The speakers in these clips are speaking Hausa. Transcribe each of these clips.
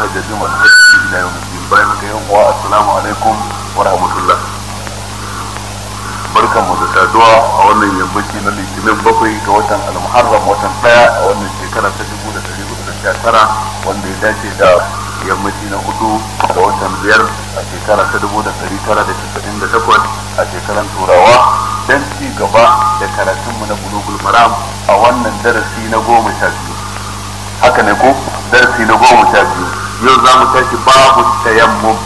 jihar Gajin wani hajji ila yau yan uwa alaikum wa barkan mu da saduwa a wannan yammaci na litinin bakwai ga watan almuharram watan daya a wannan shekara ta dubu da dari hudu da sha tara wanda ya dace da yammaci na hudu watan biyar a shekara ta dubu da dari tara da da takwas a turawa don ci gaba da karatunmu na bulugul maram a wannan darasi na goma sha biyu haka ne ko darasi na goma sha biyu yau za mu tashi babu tayammum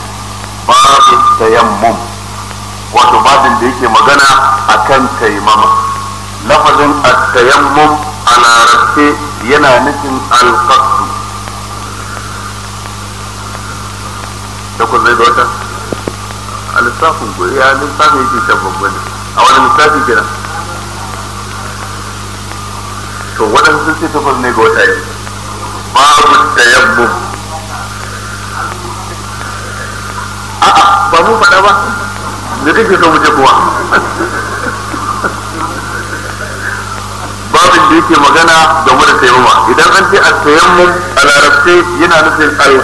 babu tayammum wato babin da yake magana akan taimama lafazin at-tayammum a larabce yana nufin alƙasu da ku zai da wata a lissafin ku ya lissafin yake can babban a wani lissafi kenan to waɗansu sun ce ne ga wata yi babu tayammum a'a ba mu faɗa ba da kake so mu kuwa babin da yake magana game da tayammuma idan an ce at-tayammum a larabce yana nufin al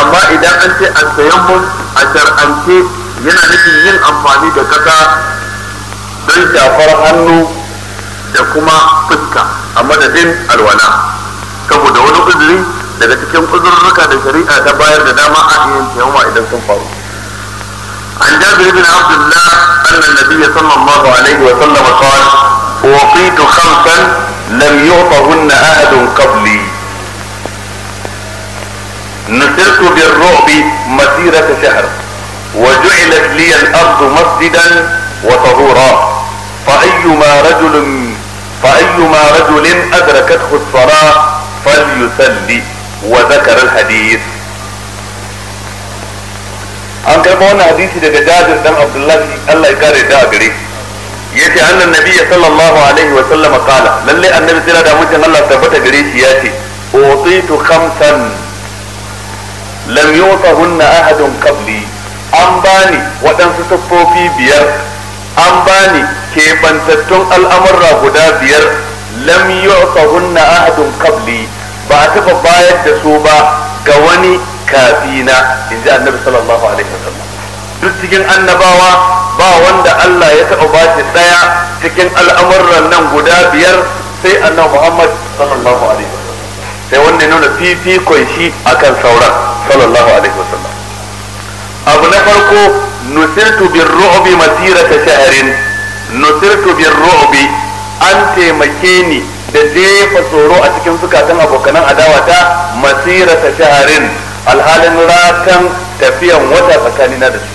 amma idan an ce at-tayammum a shar'ance yana nufin yin amfani da kasa don shafar hannu da kuma fuska a madadin alwala saboda wani uzuri daga cikin uzurruka da shari'a ta bayar da dama a yin taimama idan sun faru an jabir bin abdullah anna nabiyya sallallahu alaihi wa sallam qala wafitu khamsan lam yu'tahunna ahadun qabli نصرت بالرعب مسيرة شهر وجعلت لي الأرض مسجدا وطهورا فأيما رجل فأيما رجل أدركته الصلاة فليسلي wa zakar hadith an karɓa wannan hadisi daga jabir dan abdullahi Allah ya kare da sallallahu alaihi wa sallam qala lalle annabi sai da mutun Allah tabbata gare shi yace utitu khamsan lam yutahunna ahadun qabli an bani waɗansu tuffofi biyar an bani keɓantattun al'amurra guda biyar lam yu'tahunna ahadun ba a taɓa bayar da su ba ga wani kafina in ji annabi sallallahu alaihi wasallam duk cikin annabawa ba wanda Allah ya taɓa ba shi ɗaya cikin al'amuran nan guda biyar sai annabi Muhammad sallallahu alaihi wasallam sai wanda nuna fifikon shi akan sauran sallallahu alaihi wasallam abu na farko nusirtu bin ru'bi masirata sha'arin nusirtu bin ru'bi an taimake ni da jefa tsoro a cikin zukatan abokanan adawa ta masira ta shaharin alhalin rakan tafiyan wata tsakanina da su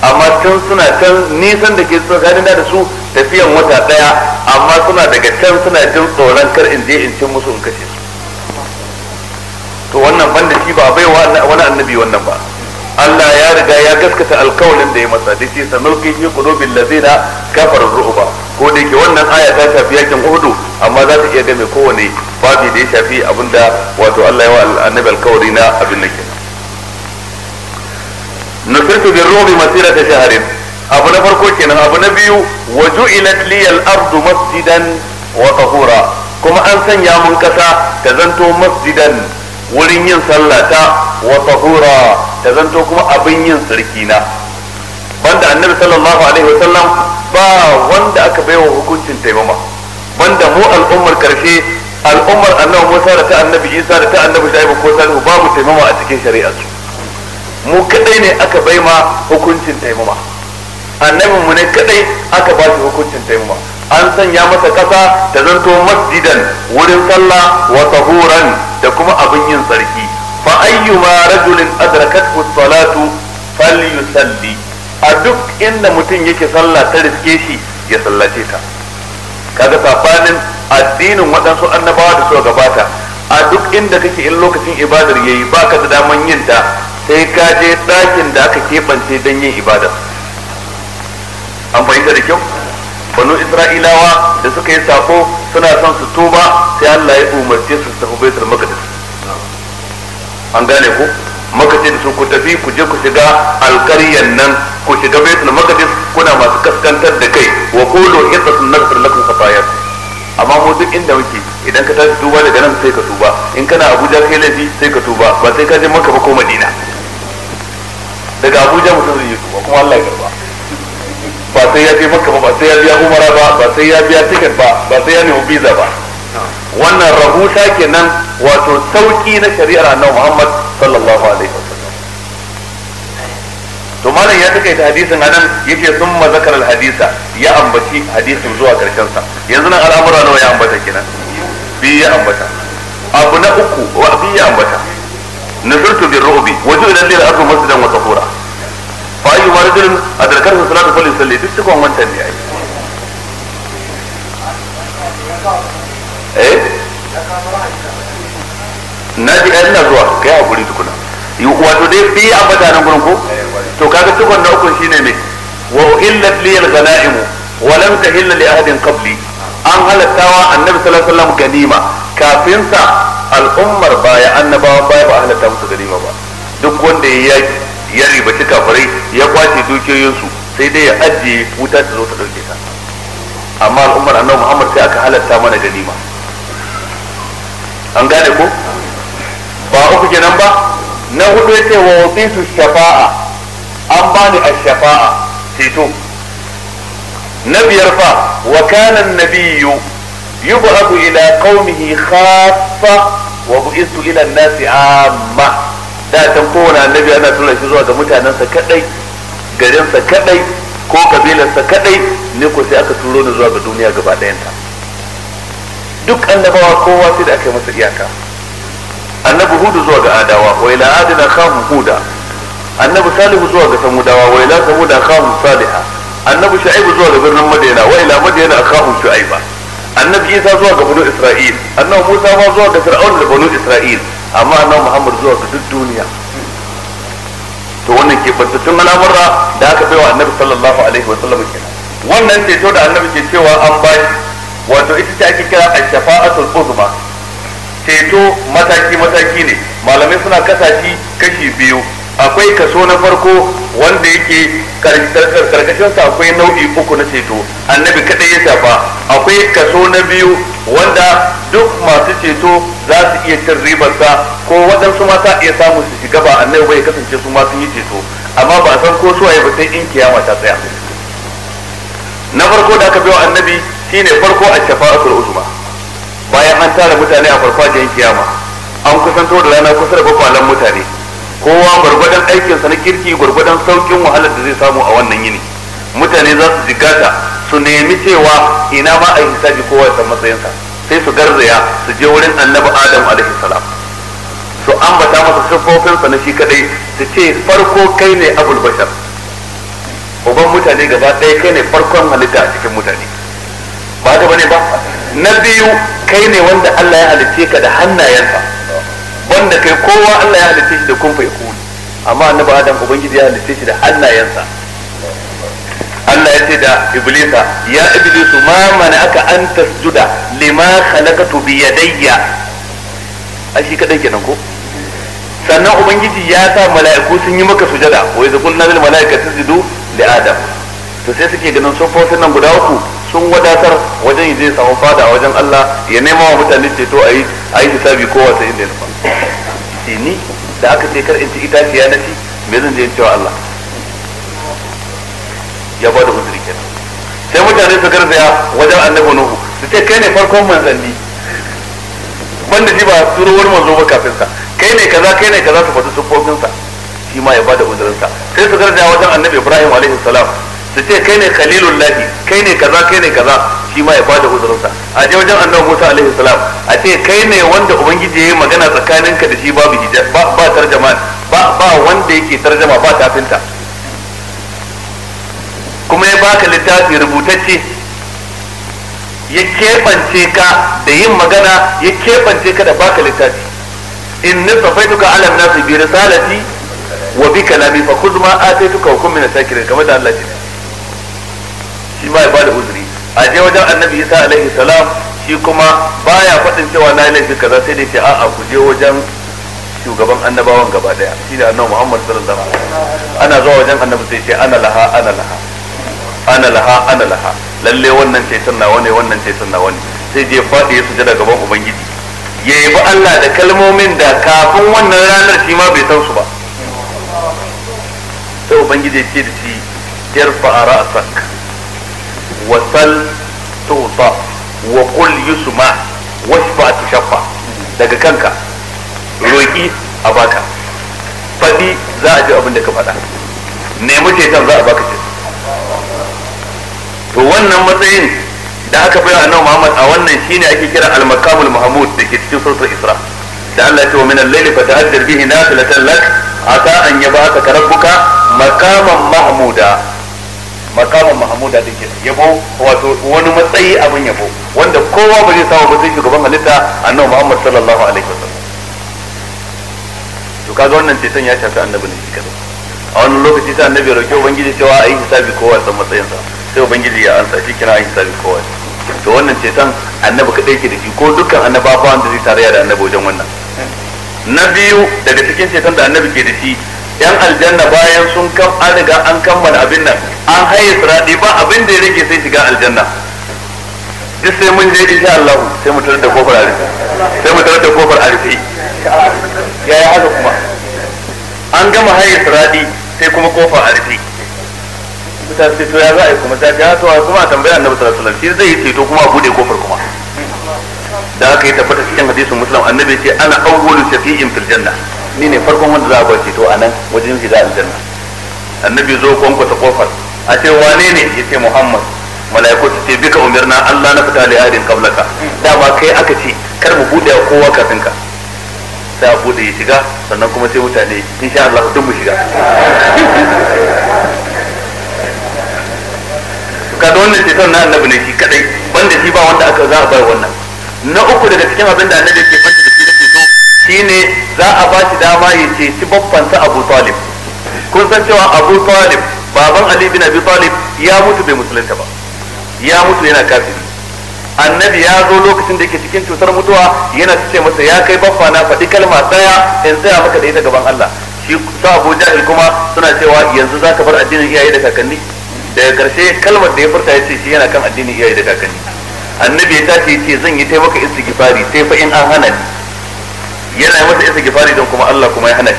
amma tun suna can nisan da ke tsakanina da su tafiyan wata daya amma suna daga can suna jin tsoron kar in je in cin musu in kashe su to wannan banda shi ba bai wani annabi wannan ba Allah ya riga ya gaskata alkawalin da ya masa dace sanulqi fi qulubil ladina kafaru ru'ba ko da yake wannan aya ta shafi yakin uhudu amma za ta iya game kowane babi da ya shafi abinda wato Allah ya wa annabi alkawari na abin da ke nusirtu bin rubi masira ta shaharin abu na farko kenan abu na biyu wa ju'ilat li al-ardu masjidan wa tahura kuma an sanya mun kasa ta zanto masjidan wurin yin sallata wa tahura ta zanto kuma abin yin sarki na banda annabi sallallahu alaihi wasallam ba wanda aka bai wa hukuncin taimama banda mu al'ummar karshe al'ummar annabi Musa da ta annabi Isa da ta annabi Shaibu ko Salihu babu taimama a cikin shari'a su mu kadai ne aka bai ma hukuncin taimama annabin mu ne kadai aka ba shi hukuncin taimama an sanya masa kasa ta zanto masjidan wurin sallah wa tahuran da kuma abin yin sarki fa ayyuma rajulin adrakathu salatu falyusalli a duk inda mutum yake sallah ta riske shi ya sallace ta kaga safanin addinin waɗansu annabawa da suka gabata a duk inda kake in lokacin ibadar yayi baka da daman yin ta sai ka je ɗakin da aka keɓance don yin ibadar an fahimta da kyau banu isra'ilawa da suka yi sako suna son su tuba sai Allah ya umarce su tafi baitul maqdis an gane ko makasai da su ku tafi ku je ku shiga alkaryan nan ku shiga baitul maqdis kuna masu kaskantar da kai wa qulu hitatun naghfir lakum khatayakum amma mu duk inda muke idan ka tashi duba daga nan sai ka tuba in kana Abuja kai laifi sai ka tuba ba sai ka je maka ba ko Madina daga Abuja mutum zai yi tuba kuma Allah ya karba ba sai ya je maka ba ba sai ya biya umara ba ba sai ya biya ticket ba ba sai ya nemi visa ba wannan rahusa kenan wato sauki na shari'ar annabi Muhammad sallallahu alaihi wasallam to malam ya take ta hadisin anan yake sun mazakar al-hadisa, ya ambaci hadisin zuwa karshen sa yanzu nan al'amura nawa ya ambata kenan bi ya ambata abu na uku wa bi ya ambata nazartu bi ru'bi waju'ila lil ardu masjidan wa tahura fa ayu rajulin adrakahu salatu salli duk cikon wancan ne ai eh na ji ɗan na zuwa kai a guri tukuna wato dai bi a mutanen gurin ko to kaga tukun na uku shine ne wa li al ghanaim wa lam tahilla li ahadin qabli an halattawa annabi sallallahu alaihi wasallam ganima kafin sa al'ummar baya annabawan baya ba halatta musu ganima ba duk wanda ya yi ya ribaci kafirai ya kwace dukiyoyinsu sai dai ya ajiye wuta ta zo ta dauke ta amma al'ummar annabi Muhammad sai aka halatta mana ganima an gane ko ba uku kenan ba na hudu yace wa wasitu shafa'a an bani ash-shafa'a ceto na biyar fa wa kana an-nabiyyu yub'athu ila qaumihi khaffa wa bu'ithu ila an-nasi amma da ta kowane annabi ana tura shi zuwa ga mutanensa kadai garinsa kadai ko kabilarsa kadai ne ko sai aka turo ni zuwa ga duniya gaba ɗayanta duk annabawa kowa sai da aka yi masa iyaka annabi hudu zuwa ga adawa wa ila adina kamun huda annabi salihu zuwa ga samudawa wa ila samuda kamun saliha annabi sha'ibu zuwa ga birnin madina wa ila madina kamun shu'aiba annabi isa zuwa ga banu isra'il annabi musa ma zuwa ga fir'aun da banu isra'il amma annabi muhammad zuwa ga duk duniya to wannan ke bantattun al'amura da aka baiwa annabi sallallahu alaihi wa sallam kenan wannan ce to da annabi ke cewa an bai wato ita ce ake kira ash-shafa'atul uzma ceto mataki mataki ne malamai suna kasa kashi biyu akwai kaso na farko wanda yake karkashin sa akwai nau'i uku na ceto annabi kadai ya shafa akwai kaso na biyu wanda duk masu ceto za su iya cin ribarsa ko waɗansu ma ta iya samun su shiga ba annabi bai kasance su ma sun yi ceto amma ba a san ko su waye ba sai in kiyama ta tsaya na farko da aka biyo annabi shine farko a shafa'atul uzma bayan an tara mutane a farfajiyar kiyama an kusanto da rana kusa da bakwalan mutane kowa gwargwadon aikinsa na kirki gwargwadon saukin wahalar da zai samu a wannan yini mutane za su jigata su nemi cewa ina ma a hisabi kowa ya san matsayinsa sai su garzaya su je wurin annabi adam alaihi salam su ambata masa siffofinsa na shi kadai su ce farko kai ne abul bashar uban mutane gaba ɗaya kai ne farkon halitta a cikin mutane ba ka bane ba na biyu kai ne wanda Allah ya halitte ka da hannayensa wanda kai kowa Allah ya halitte shi da kunfa ya yakuni amma annabi Adam ubangiji ya halitte shi da hannayensa Allah ya ce da Iblisa ya Iblisu ma mana aka an tasjuda lima khalaqtu bi yadayya a shi kadan kenan ko sannan ubangiji ya sa mala'iku sun yi maka sujada wa yadhkunna lil mala'ikati tasjudu li Adam to sai suke ganin sun fa nan guda uku sun wadatar wajen zai samu fada a wajen Allah ya nema wa mutane ceto a yi a yi hisabi ko sai inda ya nufa ce ni da aka ce kar in ci ita na ci me zan je in cewa Allah ya bada uzuri kenan sai mutane su garzaya wajen annabi nuhu su ce kai ne farkon manzanni banda shi ba turo wani manzo ba kafin sa kai ne kaza kai ne kaza su faɗi sufofinsa shi ma ya bada uzurinsa sai su garzaya wajen annabi ibrahim alaihi salam su ce kai ne khalilun lahi kai ne kaza kai ne kaza shi ma ya bada uzurinsa a je wajen annabi Musa alaihi salam a ce kai ne wanda ubangiji yayi magana tsakaninka da shi babu hijab ba ba tarjama ba ba wanda yake tarjama ba tafinta kuma ya baka littafi rubutacce ya keɓance ka da yin magana ya keɓance ka da baka littafi in nisafaituka ala nasi bi risalati wa bi kalami fa kuzma atituka hukum min sakirin kamar da Allah ya shi ma ya bada uzuri a je wajen annabi isa alaihi salam shi kuma baya faɗin cewa na laifi kaza sai dai ce a'a ku je wajen shugaban annabawan gaba daya shi da annabi muhammad sallallahu alaihi wasallam ana zuwa wajen annabi sai ce ana laha ana laha ana laha ana laha lalle wannan ceton na wani wannan ceton na wani sai je faɗi ya sujada gaban ubangiji ya yabi Allah da kalmomin da kafin wannan ranar shi ma bai san su ba sai ubangiji ya ce da shi yarfa ra'sak wasal tuta wa qul yusma washfa tushaffa daga kanka roki a baka faɗi za a ji abin da ka faɗa nemi ceton za a baka ceton to wannan matsayin da aka bayar annabi Muhammad a wannan shine ake kira al-maqamul mahmud da ke cikin suratul Isra da Allah ya ce wa min al-layli fatahajjar bihi nafilatan lak asa an yabaka rabbuka maqaman mahmuda makamin mahmuda din kenan yabo wato wani matsayi abin yabo wanda kowa ba zai samu ba sai shugaban halitta annabi Muhammad sallallahu alaihi wasallam to kaga wannan ceton ya shafi annabi ne shi kadai a wani lokaci sai annabi roƙi ubangiji cewa a yi hisabi kowa san matsayinsa sai ubangiji ya ansa shi kira a yi hisabi kowa to wannan ceton annabi kadai ke da shi ko dukkan annabawa wanda zai tarayya da annabi wajen wannan na biyu daga cikin ceton da annabi ke da shi yan aljanna bayan sun kan an riga an kammala abin nan an haye siradi ba abin da ya rage sai shiga aljanna duk sai mun je insha Allah sai mu tarar da kofar arifi sai mu tarar da kofar arifi yaya haka kuma an gama haye siradi sai kuma kofar arifi mutane sai to ya za a yi kuma ta ce ah, to kuma a tambaya annabi sallallahu alaihi wasallam shi zai yi ceto kuma a bude kofar kuma da aka yi tabbata cikin hadisin musulman annabi ce ana awwalu shafi'in fil janna ni ne farkon wanda za a bar ceto a nan wajen shi za a aljanna annabi zo kwankwata kofar a ce wane ne ya ce muhammad mala'iku su ce bika umirna allah na fita li'adin kablaka dama kai aka ce kar mu bude buɗe kowa kafin ka sai a bude ya shiga sannan kuma sai mutane insha allah duk mu shiga ka da wannan ceton na annabi ne shi kadai banda shi ba wanda aka za a bar wannan na uku daga cikin abin da annabi ke fanta da shi shine za a ba shi dama ya ceci babbansa Abu Talib kun san cewa Abu Talib baban Ali bin Abi Talib ya mutu bai musulunta ba ya mutu yana kafiri annabi ya zo lokacin da yake cikin cutar mutuwa yana ce masa ya kai babba na faɗi kalma tsaya in tsaya maka da ita gaban Allah shi sa Abu Jahil kuma suna cewa yanzu za ka bar addinin iyaye da kakanni daga karshe kalmar da ya furta ya ce shi yana kan addinin iyaye da kakanni annabi ya tashi ya ce zan yi taimaka istighfari sai fa in an hana ni yana masa gifari don kuma Allah kuma ya hana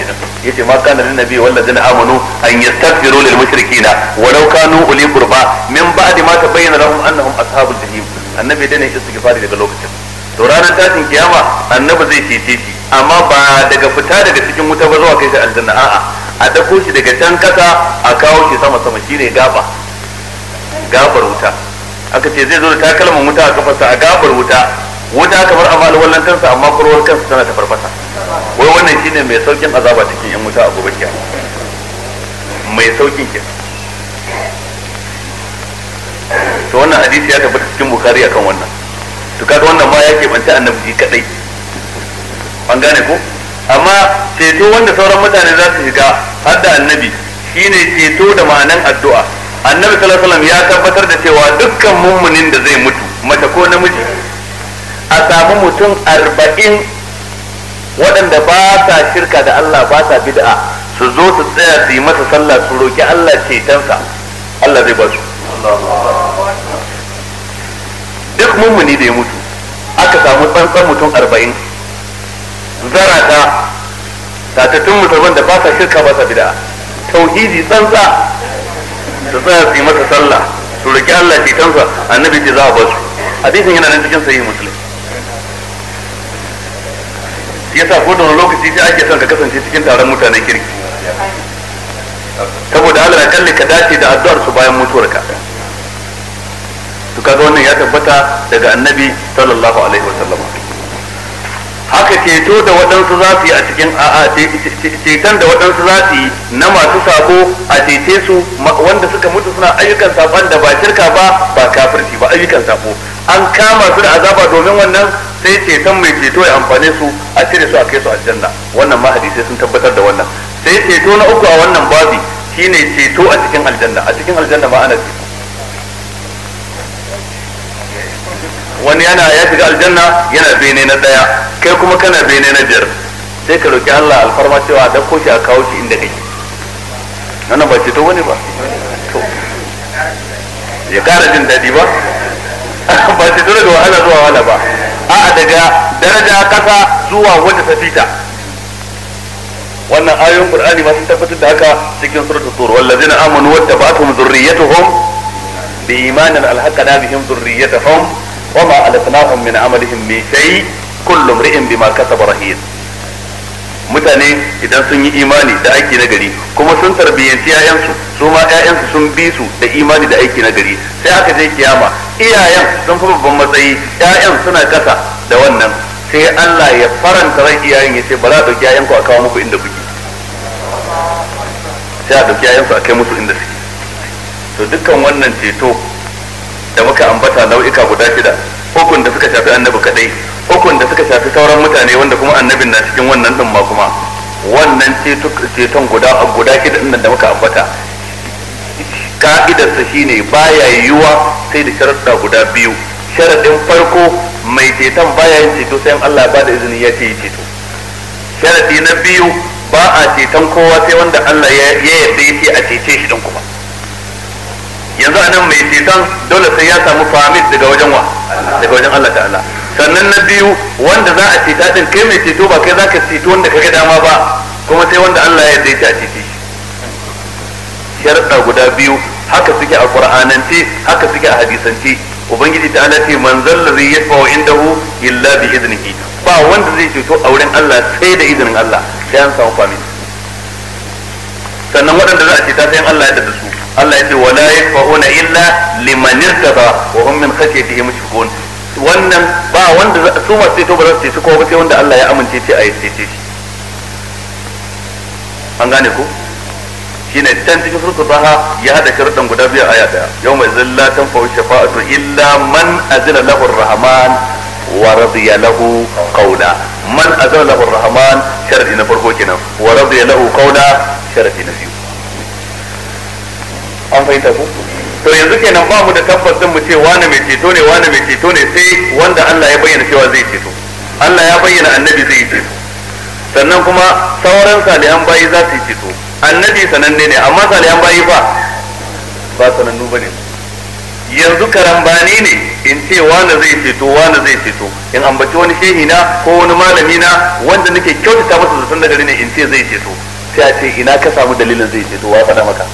shi ce ma kana lin nabi wanda zina amanu an yastaghfiru lil na. walau kanu uli kurba min ba'di ma tabayyana lahum annahum ashabul jahim annabi isa gifari daga lokacin to ranar tashin kiyama annabi zai cece shi amma ba daga fita daga cikin wuta ba zuwa kai shi aljanna a'a a dako shi daga can kasa a kawo shi sama sama shine gaba gabar wuta aka ce zai zo da takalman wuta a kafarsa a gabar wuta wuta kamar amal wallantansa amma kurwar kansa tana ta farfasa wai wannan shine mai saukin azaba cikin yan wuta a gobe kiyama mai saukin ke to wannan hadisi ya tabbata cikin bukari akan wannan to kaga wannan ma ya keɓanta annabi kadai an gane ko amma ceto wanda sauran mutane za su shiga har da annabi shine ceto da ma'anan addu'a annabi sallallahu alaihi wasallam ya tabbatar da cewa dukkan mummunin da zai mutu mace ko namiji a samu mutum arba'in waɗanda ba sa shirka da Allah ba sa bid'a su zo su tsaya su yi masa sallah su roki Allah cetonsa Allah zai ba su duk mummuni da ya mutu aka samu tsantsan mutum arba'in zarata tatattun mutumin da ba sa shirka ba sa bid'a tauhidi tsantsa su tsaya su yi masa sallah su roki Allah cetonsa annabi ce za a ba su hadisin yana nan cikin sahihin musulun yasa ko da wani lokaci sai ake son ka kasance cikin taron mutanen kirki saboda Allah kalli ka dace da addu'ar su bayan ka to kaga wannan ya tabbata daga annabi sallallahu alaihi wa sallam haka ceto da waɗansu za su yi a cikin a'a ceton da waɗansu za su yi na masu sako a cece su wanda suka mutu suna ayyukan saban da ba shirka ba ba kafirci ba ayyukan sako an kama su da azaba domin wannan sai ceton mai ceto ya amfane su a cire su a kai su aljanna wannan ma hadisi sun tabbatar da wannan sai ceto na uku a wannan babi shine ceto a cikin aljanna a cikin aljanna ma ana ceto wani yana ya shiga aljanna yana bene na daya kai kuma kana bene na biyar sai ka roki Allah alfarma cewa da ko shi a kawo shi inda kake wannan ba ceto wani ba to ya kara jin daɗi ba ba ceto daga wahala zuwa wahala ba a'a daga daraja kasa zuwa wata tafita wannan ayoyin qur'ani ma sun tabbatar da haka cikin suratul tur wallazina amanu wattaba'atuhum dhurriyyatuhum biimanin alhaqana bihim dhurriyyatahum wama alatnahum min amalihim min shay kullu imri'in bima kasaba rahin mutane idan sun yi imani da aiki na gari kuma sun tarbiyyanci yayansu su ma yayansu sun bi su da imani da aiki na gari sai aka je kiyama iyayen sun fi babban matsayi yayan suna kasa da wannan sai Allah ya faranta ran iyayen ya ce ba za a ɗauki yayanku a kawo muku inda kuke sai a ɗauki yayansu a kai musu inda suke to dukkan wannan ceto da muka ambata nau'ika guda shida hukun da suka shafi annabi kadai ukun da suka shafi sauran mutane wanda kuma annabin na cikin wannan din ma kuma wannan ceton guda guda ke din da muka ambata ka'idarsa shine baya yiwuwa sai da sharaɗa guda biyu sharaɗin farko mai ceton baya yin ceto sai Allah ba da izini ya ce yi ceto sharaɗi na biyu ba a ceton kowa sai wanda Allah ya yarda ya ce a cece shi din kuma yanzu anan mai ceton dole sai ya samu famit daga wajen wa daga wajen Allah ta'ala sannan na biyu wanda za a ceta din kai mai ceto ba kai za ka ceto wanda kaga dama ba kuma sai wanda Allah ya yarda a cece sharɗa guda biyu haka suke a qur'anance haka suke a hadisance ubangiji ta ce man zallazi inda indahu illa bi idnihi ba wanda zai ceto a wurin Allah sai da izinin Allah sai an samu kwami sannan waɗanda za a ceta sai Allah ya dada da su Allah ya ce wala yakfa'una illa liman ba wa hum min khashyatihi mushrikun wannan ba wanda su masu ceto ba za su ceto kowa ba sai wanda Allah ya amince ce a yi ceto shi an gane ku? Shi ne can cikin surtu baha ya haɗa sharuɗan guda biyar aya daya yau mai zilla tan fa shafa'atu illa man azina lahu rahman wa radiya lahu qawla man azina lahu rahman sharadi na farko kenan wa radiya lahu qawla sharadi na biyu an fahimta ku to yanzu kenan ba mu da tabbas din mu ce wani mai ceto ne wani mai ceto ne sai wanda Allah ya bayyana cewa zai ceto Allah ya bayyana annabi zai ceto sannan kuma sauran salihan bayi za su ceto annabi sananne ne amma salihan bayi ba ba sanannu ba ne yanzu karambani ne in ce wani zai ceto wani zai ceto in ambaci wani shehi na ko wani malami na wanda nake kyautata masa zaton da gari ne in ce zai ceto sai a ce ina ka samu dalilin zai ceto wa faɗa maka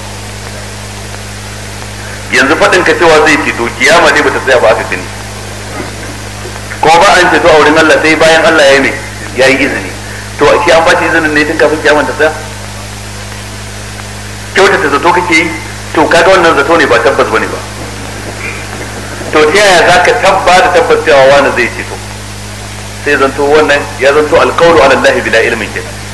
yanzu faɗin ka cewa zai ceto kiyama ne bata tsaya ba aka gani ko ba an ceto a wurin Allah sai bayan Allah ya ne ya yi izini to a shi an ba shi izinin ne tun kafin kiyama ta tsaya kyautata zato kake yi to kaga wannan zato ne ba tabbas bane ba to ta yaya za ka tabba da tabbas cewa wani zai ceto sai zanto wannan ya zanto alkawaru ala Allah bila ilmin kenan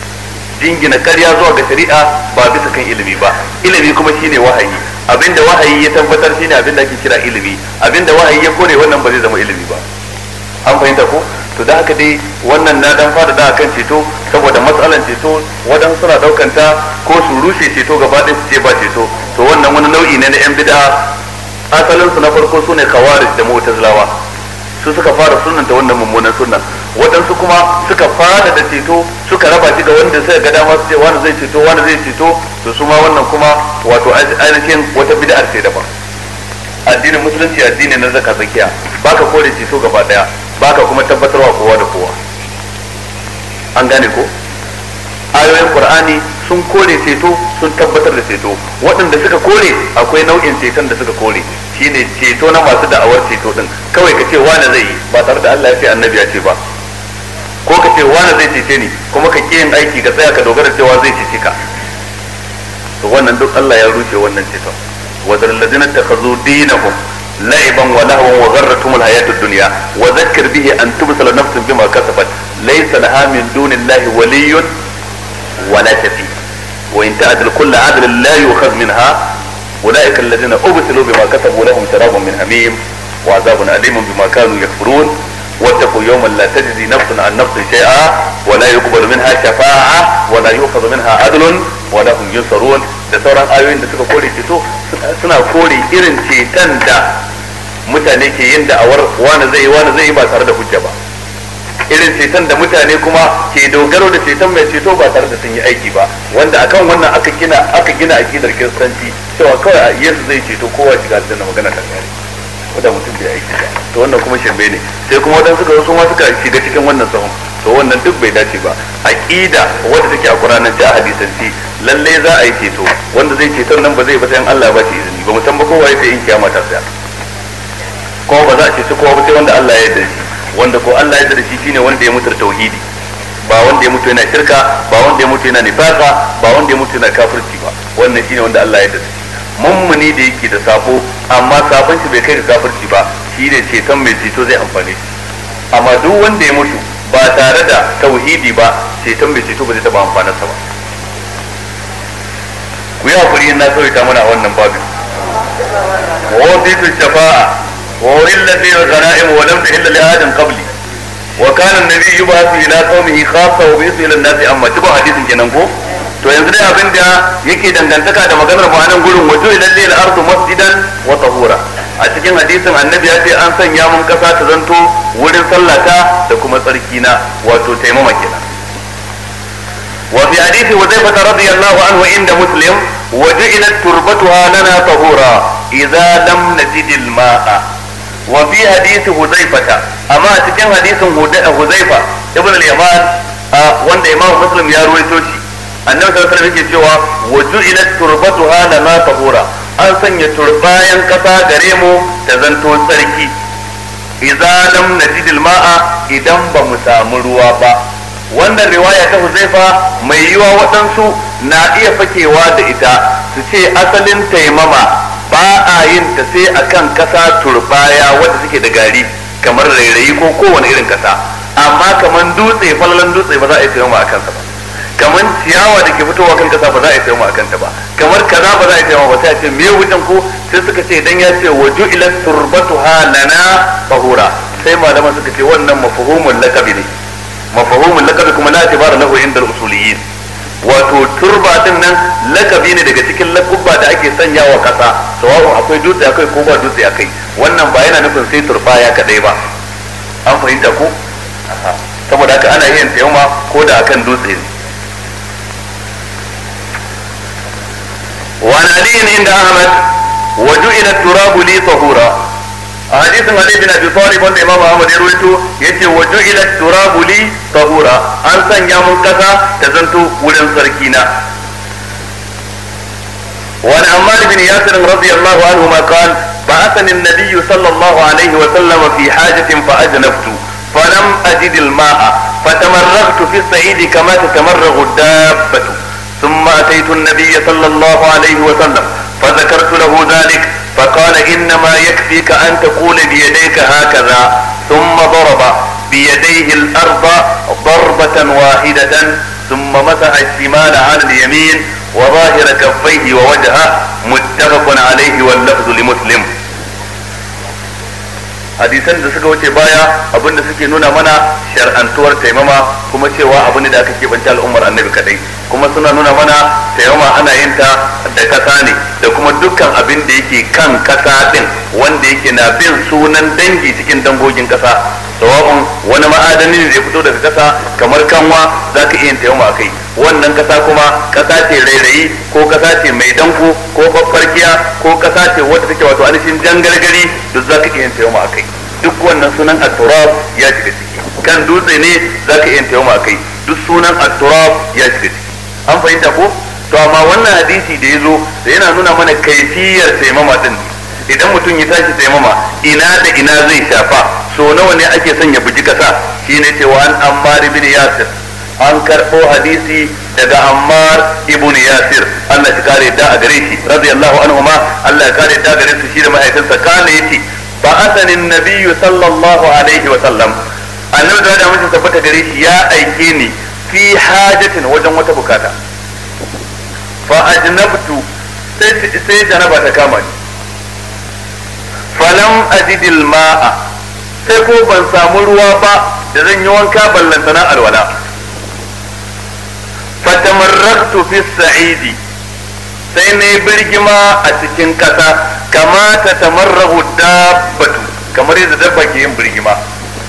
jingina karya zuwa ga shari'a ba bisa kan ilimi ba ilimi kuma shine wahayi abinda wahayi ya tabbatar shine abinda ake kira ilimi abinda wahayi ya kore wannan ba zai zama ilimi ba an fahimta ko to da haka dai wannan na dan fara da kan ceto saboda matsalan ceto wadan suna daukan ta ko su rushe ceto gaba ɗaya su ce ba ceto to wannan wani nau'i ne na yan bid'a asalin su na farko sune khawarij da mu'tazilawa su suka fara sunanta wannan mummunan sunan waɗansu kuma suka fara da ceto suka raba shi ga wanda suka ga dama su ce wani zai ceto wani zai ceto to su ma wannan kuma wato ainihin wata bid'ar ce daban addinin musulunci addini na zaka tsakiya baka kore ceto gaba daya baka kuma tabbatarwa kowa da kowa an gane ko ayoyin qur'ani sun kore ceto sun tabbatar da ceto waɗanda suka kore akwai nau'in ceton da suka kore shine ceto na masu da'awar ceto din kawai ka ce wani zai yi ba tare da Allah ya ce annabi ya ce ba ko ka ce wani zai cece ni kuma ka ƙi yin aiki ka tsaya ka dogara cewa zai cece ka to wannan duk Allah ya rushe wannan ceton wa zalladina takhazu dinahum لعبا ولهوا وغرتهم الحياة الدنيا وذكر به أن تبصل نفس بما كسبت ليس لها من دون الله ولي ولا شفيع وإن تعدل كل عدل لا يؤخذ منها أولئك الذين أبسلوا بما كسبوا لهم شراب من حميم وعذاب أليم بما كانوا يكفرون واتقوا يوما لا تجزي نفس عن نفس شيئا ولا يقبل منها شفاعة ولا يؤخذ منها عدل ولا هم ينصرون da sauran ayoyin da suka kore ceto suna kore irin ceton da mutane ke yin da'awar wani zai wani zai ba tare da hujja ba irin ceton da mutane kuma ke dogaro da ceton mai ceto ba tare da sun yi aiki ba wanda akan wannan aka gina aka gina akidar kiristanci cewa kawai a iya su zai ceto kowa shiga aljanna magana ta kare ko da mutum bai aiki ba to wannan kuma shirme ne sai kuma wadan suka wasu su ma suka shiga cikin wannan sahun to wannan duk bai dace ba aqida wanda take a Qur'anin ta hadisanci lalle za a yi ceto wanda zai ceton nan ba zai ba sai Allah ba shi izini ba musamman kowa ya sai in kiyama ta tsaya kuma ba za a ceto kowa ba sai wanda Allah ya yarda shi wanda ko Allah ya yarda shi shine wanda ya mutar tauhidi ba wanda ya mutu yana shirka ba wanda ya mutu yana nifaka ba wanda ya mutu yana kafirci ba wannan shine wanda Allah ya yarda mummuni da yake da sabo amma sabon shi bai kai da shi ba shi ne ceton mai ceto zai amfane amma duk wanda ya mutu ba tare da tauhidi ba ceton mai ceto ba zai taba amfanarsa ba ku yi hakuri na sauyi ta mana wannan babu wa fitu shafa'a wa illa fi ghana'im wa lam illa li adam qabli wa kana an-nabi yubathu ila yi khassa wa bi'sila an-nasi amma tubu hadithin kenan ko to yanzu dai abin da yake dangantaka da maganar mu anan gurin wajo ilalle al-ardu masjidan wa tahura a cikin hadisin annabi ya ce an sanya mun kasa ta zanto wurin sallata da kuma tsarki na wato taimama kenan wa fi hadisi wa zaifa radiyallahu anhu inda muslim wa ju'ilat turbatuha lana tahura idza lam najid al-ma'a wa fi hadisi huzaifata amma a cikin hadisin huzaifa ibn al-yaman wanda imam muslim ya ruwaito annabi sallallahu alaihi wasallam yake cewa turbatu hala ma tahura an sanya turbayan kasa gare mu ta zanto tsarki idza lam najidil ma'a idan ba mu samu ruwa ba wannan riwaya ta Huzaifa mai yiwa waɗansu na iya fakewa da ita su ce asalin taimama ba a yin ta sai akan kasa turbaya wadda suke da gari kamar rairayi ko kowane irin kasa amma kamar dutse falalan dutse ba za a yi taimama a kansa ba kamar ciyawa da ke fitowa kan kasa ba za a yi a akan ta ba kamar kaza ba za a yi taimama ba sai a ce me wutan ku sai suka ce idan ya ce waju ila turbatuha lana fahura sai malaman suka ce wannan mafhumul laqabi ne mafhumul laqabi kuma la tibara lahu inda usuliyin wato turba din nan lakabi ne daga cikin lakubba da ake sanyawa kasa sawa'u akwai dutse akai ko ba dutse akai wannan ba yana nufin sai turba ya kadai ba an fahimta ku saboda haka ana yin tsayoma ko da akan dutse ne علي عند أحمد وجعل التراب لي طهورا حديث علي بن أبي طالب الإمام أحمد يرويته يأتي وجعل التراب لي طهورا أنت يا من كفى تزنت ولن سركينا وعن عمار بن ياسر رضي الله عنهما قال بعثني النبي صلى الله عليه وسلم في حاجة فأجنبت فلم أجد الماء فتمرغت في الصعيد كما تتمرغ الدابة ثم أتيت النبي صلى الله عليه وسلم فذكرت له ذلك فقال إنما يكفيك أن تقول بيديك هكذا ثم ضرب بيديه الأرض ضربة واحدة ثم مسح الشمال على اليمين وظاهر كفيه ووجهه متفق عليه واللفظ لمسلم hadisan da suka wuce baya abin da suke nuna mana shar'antuwar taimama kuma cewa abu ne da aka keɓance al'ummar annabi kadai kuma suna nuna mana taimama ana yin ta da kasa ne da kuma dukkan abin da yake kan kasa din wanda yake na bin sunan dangi cikin dangogin kasa sawa'un wani ma'adani ne zai fito daga kasa kamar kanwa za ka iya yin taimama a kai. wannan kasa kuma kasa ce rairayi ko kasa ce mai danko ko babbarkiya ko kasa ce wadda take wato anishin jangargari duk zaka iya yin a akai duk wannan sunan at-turab ya shiga ciki kan dutse ne zaka iya yin a akai duk sunan at-turab ya shiga ciki an fahimta ko to amma wannan hadisi da yazo da yana nuna mana kaifiyar taimama din idan mutum ya tashi taimama ina da ina zai shafa so nawa ne ake son ya buji kasa shine cewa an amari bin yasir an karɓo hadisi daga Ammar ibn Yasir Allah ya kare da a gare shi radiyallahu anhu ma Allah ya kare da gare su shi da ma'aikansa kana yace ba'athani an-nabiyyu sallallahu alaihi wa sallam annabi da da mutum tabbata gare shi ya aike ni fi hajatin wajen wata bukata fa ajnabtu sai janaba ta kama ni falam ajidil ma'a sai ko ban samu ruwa ba da zan yi wanka ballantana alwala fatamarraktu fi sa'idi sai na yi birgima a cikin kasa kama ta tamarrahu dabbatu kamar yadda dabba ke yin birgima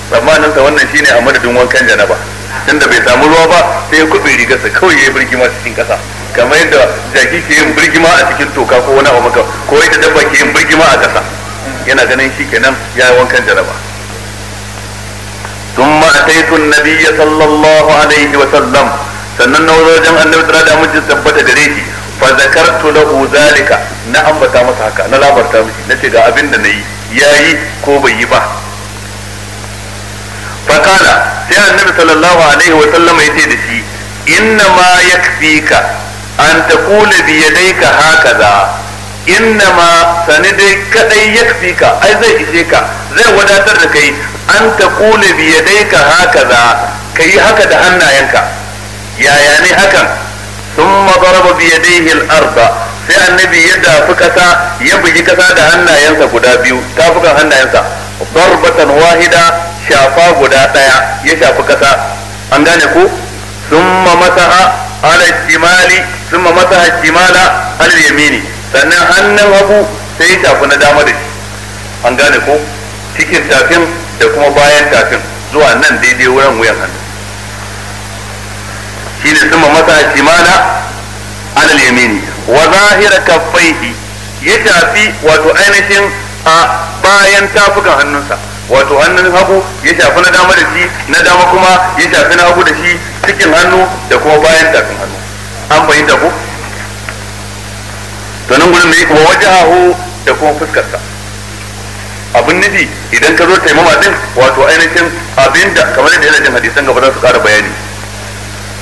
tsammanin sa wannan shine a madadin wankan janaba tunda bai samu ruwa ba sai ya kube rigarsa kawai ya yi birgima cikin kasa kamar yadda jaki ke yin birgima a cikin toka ko wani abu maka ke yin birgima a yana ganin shi ya yi wankan ثم أتيت النبي صلى الله عليه وسلم sannan na wajen annabi tsara da mijin tabbata da shi fa zakartu lahu zalika na ambata masa haka na labarta mishi ce ga abin da nayi yayi ko bai yi ba fa kana sai annabi sallallahu alaihi wa sallam yace da shi inna ma yakfika an taqula bi yadayka hakaza inna ma sani dai kadai yakfika ai zai ishe ka zai wadatar da kai an taqula bi yadayka hakaza kai haka da hannayenka yaya ne hakan sun daraba biya yadayhi al-arda sai annabi ya dafi kasa ya bugi kasa da hannayensa guda biyu tafukan hannayensa barbatan wahida shafa guda daya ya shafi kasa an gane ko sun masaha ala shimali thumma masaha shimala ala yamini sannan hannun hagu sai ya shafi na dama da shi an gane ko cikin tafin da kuma bayan tafin zuwa nan daidai wurin wuyan hannu shine sama masa shimala alal yamini wa zahira kaffaihi ya tafi wato ainihin a bayan tafukan hannunsa wato hannun hagu ya tafi na dama da shi na dama kuma ya tafi na hagu da shi cikin hannu da kuma bayan tafin hannu an fahimta ko to nan gudun mai wa hahu da kuma fuskarsa abin nufi idan ka zo taimama din wato ainihin abinda kamar yadda yana jin hadisan gaba za su kara bayani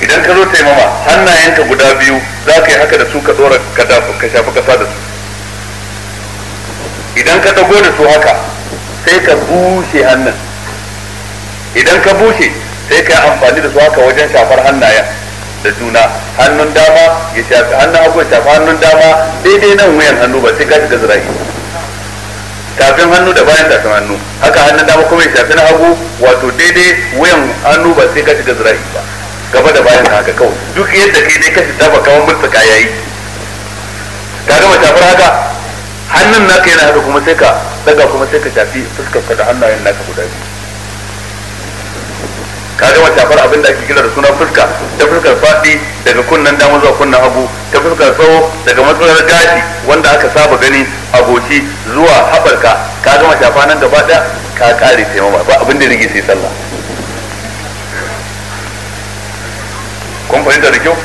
idan ka zo taimama hannayenka guda biyu za ka yi haka da su ka tsora ka shafi kasa da su idan ka dago da su haka sai ka bushe hannun idan ka bushe sai ka yi amfani da su haka wajen shafar hannayen da juna hannun dama ya shafi hannun hagu ya shafi hannun dama daidai nan wuyan hannu ba sai ka shiga zira'i tafin hannu da bayan tafin hannu haka hannun dama kuma ya shafi na hagu wato daidai wuyan hannu ba sai ka shiga zira'i ba gaba da bayan haka kawai duk yadda kai dai ka tafa kawan mutsuka yi ka gama shafar haka hannun naka yana haka kuma sai ka daga kuma sai ka shafi fuskar ka da hannayen naka guda biyu ka gama shafar abin da ake kira da suna fuska ta fuskar faɗi daga kunnen dama zuwa kunnen hagu ta fuskar tsawo daga matsalar gashi wanda aka saba gani a goshi zuwa haɓarka ka gama shafa nan gaba ɗaya ka ƙare taimama ba abin da sai sallah kun fahimta da kyau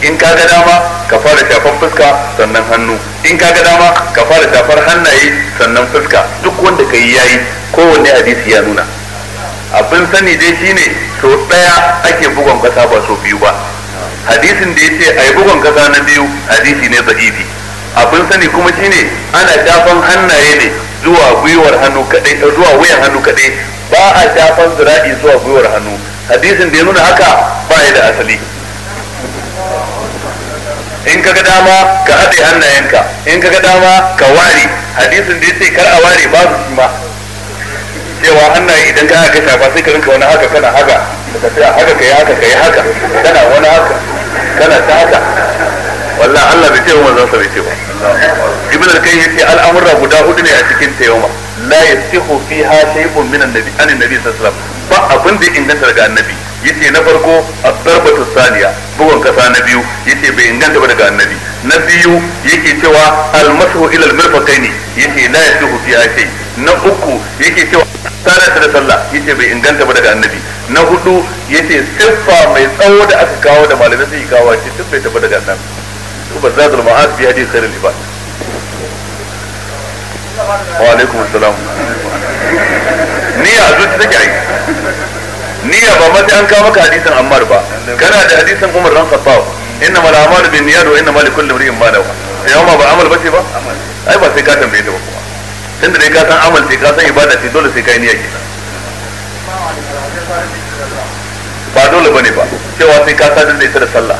in ka ga dama ka fara shafar fuska sannan hannu in ka ga dama ka fara shafar hannaye sannan fuska duk wanda ka yi yayi kowanne hadisi ya nuna abin sani dai shine so daya ake bugon kasa ba so biyu ba hadisin da yace ai bugon kasa na biyu hadisi ne zaifi abin sani kuma shine ana shafan hannaye ne zuwa gwiwar hannu kadai zuwa wuyan hannu kadai ba a shafan zira'i zuwa gwiwar hannu hadisin da ya nuna haka ba ya da asali in ka ga dama ka haɗe hannayenka in ka ga dama ka ware hadisin da yace kar a ware ba su ma cewa hannaye idan ka haka shafa sai ka rinka wani haka kana haka daga tafi haka kai haka kai haka kana wani haka kana ta haka wallahi Allah bai ce wa manzon sa bai ce ba ibn al-kayyim yace al'amura guda hudu ne a cikin tayyuma la yasihu fiha shay'un min an-nabi an-nabi sallallahu alaihi wasallam ba abin da inganta daga annabi yace na farko addarbatu saniya bugun kasa na biyu yace bai inganta ba daga annabi na biyu yake cewa almasu ila almirfaqaini yace la yasihu fi ayati na uku yake cewa tare da sallah yace bai inganta ba daga annabi na hudu yace siffa mai tsawo da aka kawo da malamai sai kawo ce duk bai ba daga annabi to bazadul ma'ad bi hadith khairul ibad wa alaikum assalam ni a zuci take ai niyya ba ma sai an kawo maka hadisin Ammar ba kana da hadisin Umar ran Khattab inna mal a'malu bin niyyati wa inna mal kulli imrin ma nawa ya ma ba amal bace ba ai ba sai ka tambaye ta ba kuma tunda dai ka san amal sai ka san ibada sai dole sai kai niyya ke ba dole bane ba cewa sai ka sadar da ita da sallah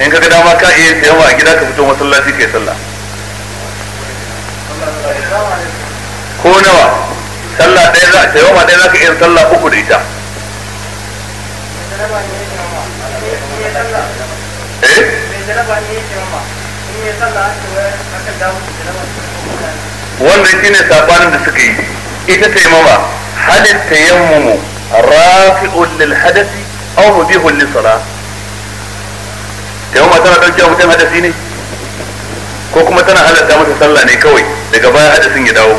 in ka ga dama ka iya sayan a gida ka fito masallaci kai sallah ko nawa sallah ɗaya za a sayan ma ɗaya za ka iya sallah uku da ita wannan shi ne sabanin da suka yi ita ta yi mama hadatta yammumu rafi ullil hadasi aw sara ta yi tayammuma tana dauke mutum hadasi ne ko kuma tana halatta masa sallah ne kawai daga baya hadasin ya dawo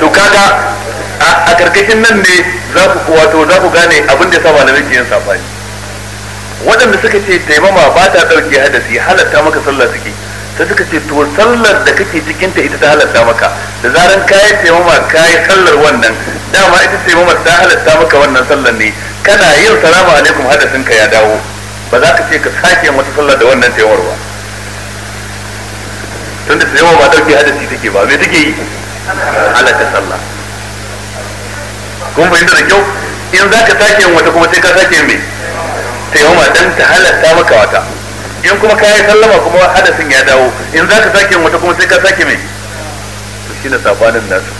to kaga a karkashin nan ne za ku wato za ku gane abin da sa malamai ke yin safari waɗanda suka ce taimama ba ta ɗauke hadasi halatta maka sallah suke sai suka ce to sallar da kake cikin ta ita ta halatta maka da zaran yi taimama yi sallar wannan dama ita taimama ta halatta maka wannan sallar ne kana yin salamu alaikum hadasin ka ya dawo ba za ka ce ka sake mata sallar da wannan taimawar ba tunda taimama ba ɗauke hadasi take ba me take yi halatta sallah kun fahimta da kyau in za ka sake yin wata kuma sai ka sake yin mai sai yau dan ta halatta maka wata in kuma ka yi sallama kuma hadasin ya dawo in za ka sake yin wata kuma sai ka sake mai to shine sabanin nasu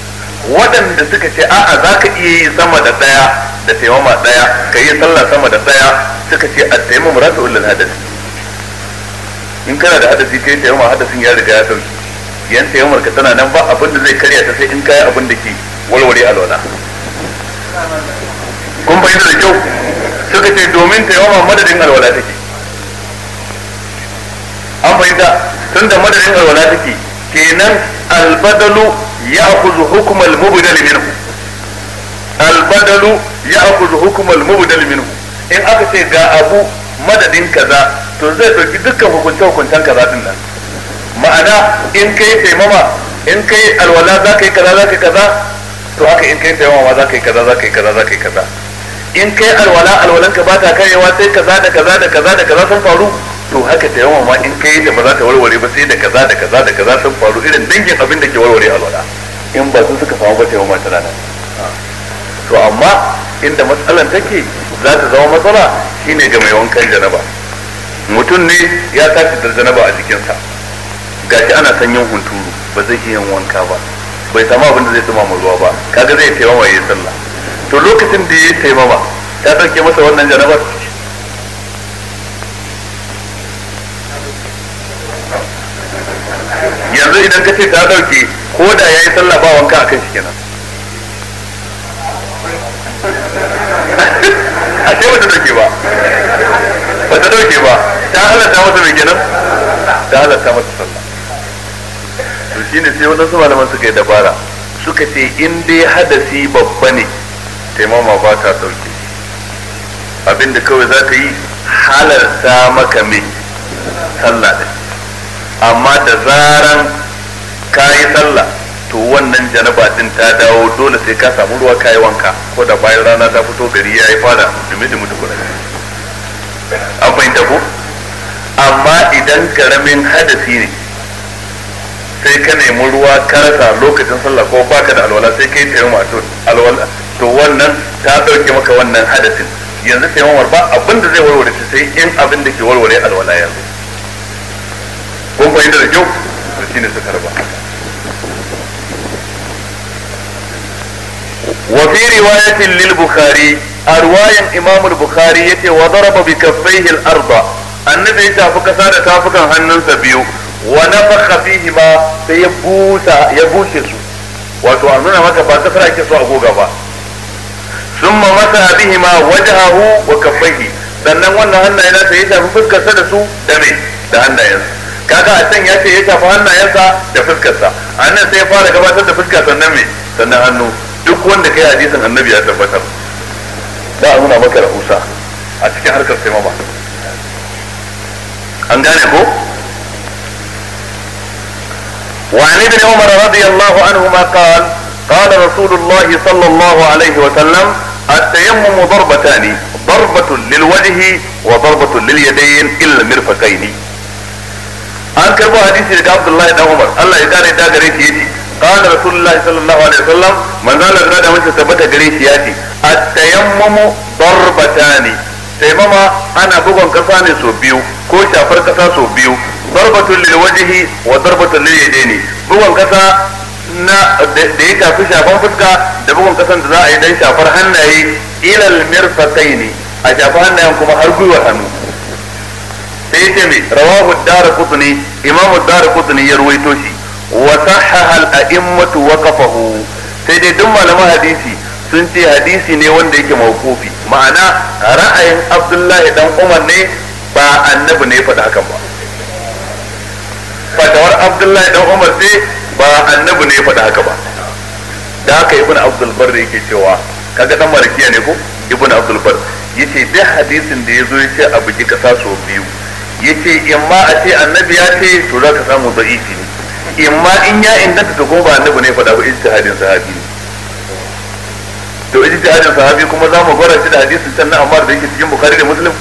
waɗanda suka ce a'a za ka iya yi sama da ɗaya da taimama ɗaya ka yi sallah sama da ɗaya suka ce a taimama rasu ulul hadasi in kana da hadasi kai taimama hadasin ya riga ya sauki yan taimama ka tana nan ba abin da zai karya ta sai in kayi abin da ke walwale alwala kun fahimta da kyau suka ce domin yawan madadin alwala take an fahimta tun da madadin alwala take kenan albadalu ya akuzu hukumar mubudal minhu albadalu ya akuzu hukumar mubudal minhu in aka ce ga abu madadin kaza to zai ɗauki dukkan hukunce hukuncen kaza din nan ma'ana in kai taimama in kai alwala za ka yi kaza za ka yi kaza to haka in kai tayawa ma za ka yi kaza za ka yi kaza za ka yi kaza in kai alwala alwalan ka ba ta karewa sai kaza da kaza da kaza da kaza sun faru to haka tayawa ma in kai da ba za ta warware ba sai da kaza da kaza da kaza sun faru irin dangin abin da ke warware alwala in ba su suka samu ba tayawa ma tana nan to amma inda matsalan take za ta zama matsala shine ga mai wankan janaba mutum ne ya tashi da janaba a jikinsa gashi ana sanyin hunturu ba zai iya yin wanka ba bai samu abin da zai dumama ruwa ba kaga zai taimama ya yi sallah to lokacin da ya yi taimama ta ɗauke masa wannan janabar yanzu idan ka ce ta ɗauke ko da ya yi sallah ba wanka a kan shi kenan a ce wata ɗauke ba bata ɗauke ba ta halatta masa mai kenan ta halatta masa sallah to ne sai waɗansu malaman suka yi dabara suka ce in dai hadasi babba ne taimama ba ta sauke abinda kawai za ka yi halarta maka mai sallah ɗin amma da zaran ka yi sallah to wannan janaba din ta dawo dole sai ka samu ruwa ka yi wanka ko da bayan rana ta fito gari ya yi fada dumi dumi da kula an fahimta ko amma idan karamin hadasi ne sai ka nemi ruwa karasa lokacin sallah ko baka da alwala sai kai tayammum to alwala to wannan ta dauke maka wannan hadasin yanzu tayammum ba abinda zai warware ta sai in abin da ke warware alwala yanzu ko fahimta da kyau to shine suka raba wa fi riwayatin lil bukhari a riwayan imam al-bukhari yace wa daraba bi kaffaihi al-arda annabi ya tafi kasa da tafukan hannunsa biyu wa na nafakha fihi ma sai ya busa ya bushe su wato a nuna maka ba kasar ake so a goga ba summa masa bihi ma wajhahu wa kaffaihi sannan wannan hannayen nasa ya shafi fuskarsa da su da mai da hannayen kaga a can ya ce ya shafi hannayensa da fuskarsa a nan sai ya fara gabatar da fuska sannan mai sannan hannu duk wanda kai hadisin annabi ya tabbatar da a nuna maka rahusa a cikin harkar sai mama an gane ko وعن ابن عمر رضي الله عنهما قال قال رسول الله صلى الله عليه وسلم التيمم ضربتان ضربة للوجه وضربة لليدين إلا المرفقين an karbo hadisi daga Abdullahi dan Umar Allah ya kare da gare shi yace qala Rasulullah sallallahu alaihi wasallam manzo Allah da mun tabbata gare shi yace taimama ana bugon kasa ne sau biyu ko shafar kasa sau biyu darbatun lil wajhi wa darbatun lil yadaini bugon kasa na da ya tafi shafan fuska da bugun kasan da za a yi dan shafar hannaye ilal mirfaqaini a shafi hannayen kuma har gwiwar hannu sai ce mai rawahu darqutni imamu darqutni ya ruwaito shi wa sahaha al a'immatu waqafahu sai dai duk malaman hadisi sun ce hadisi ne wanda yake mawkufi ma'ana ra'ayin abdullahi dan umar ne ba annabi ne faɗa hakan ba fatawar abdullahi dan umar ce ba annabi ne faɗa haka ba da haka ibn abdul bar yake cewa kaga dan malikiya ne ko ibn abdul bar yace duk hadisin da yazo yace abu ki kasa so biyu yace in ma a ce annabi ya ce to za ka samu da'ifi ne in ma in ya inda ta kuma ba annabi ne faɗa ba ijtihadin sahabi ne to iji jihadin sahabi kuma za mu gwara shi da hadisin can na Ammar da yake cikin Bukhari da Muslim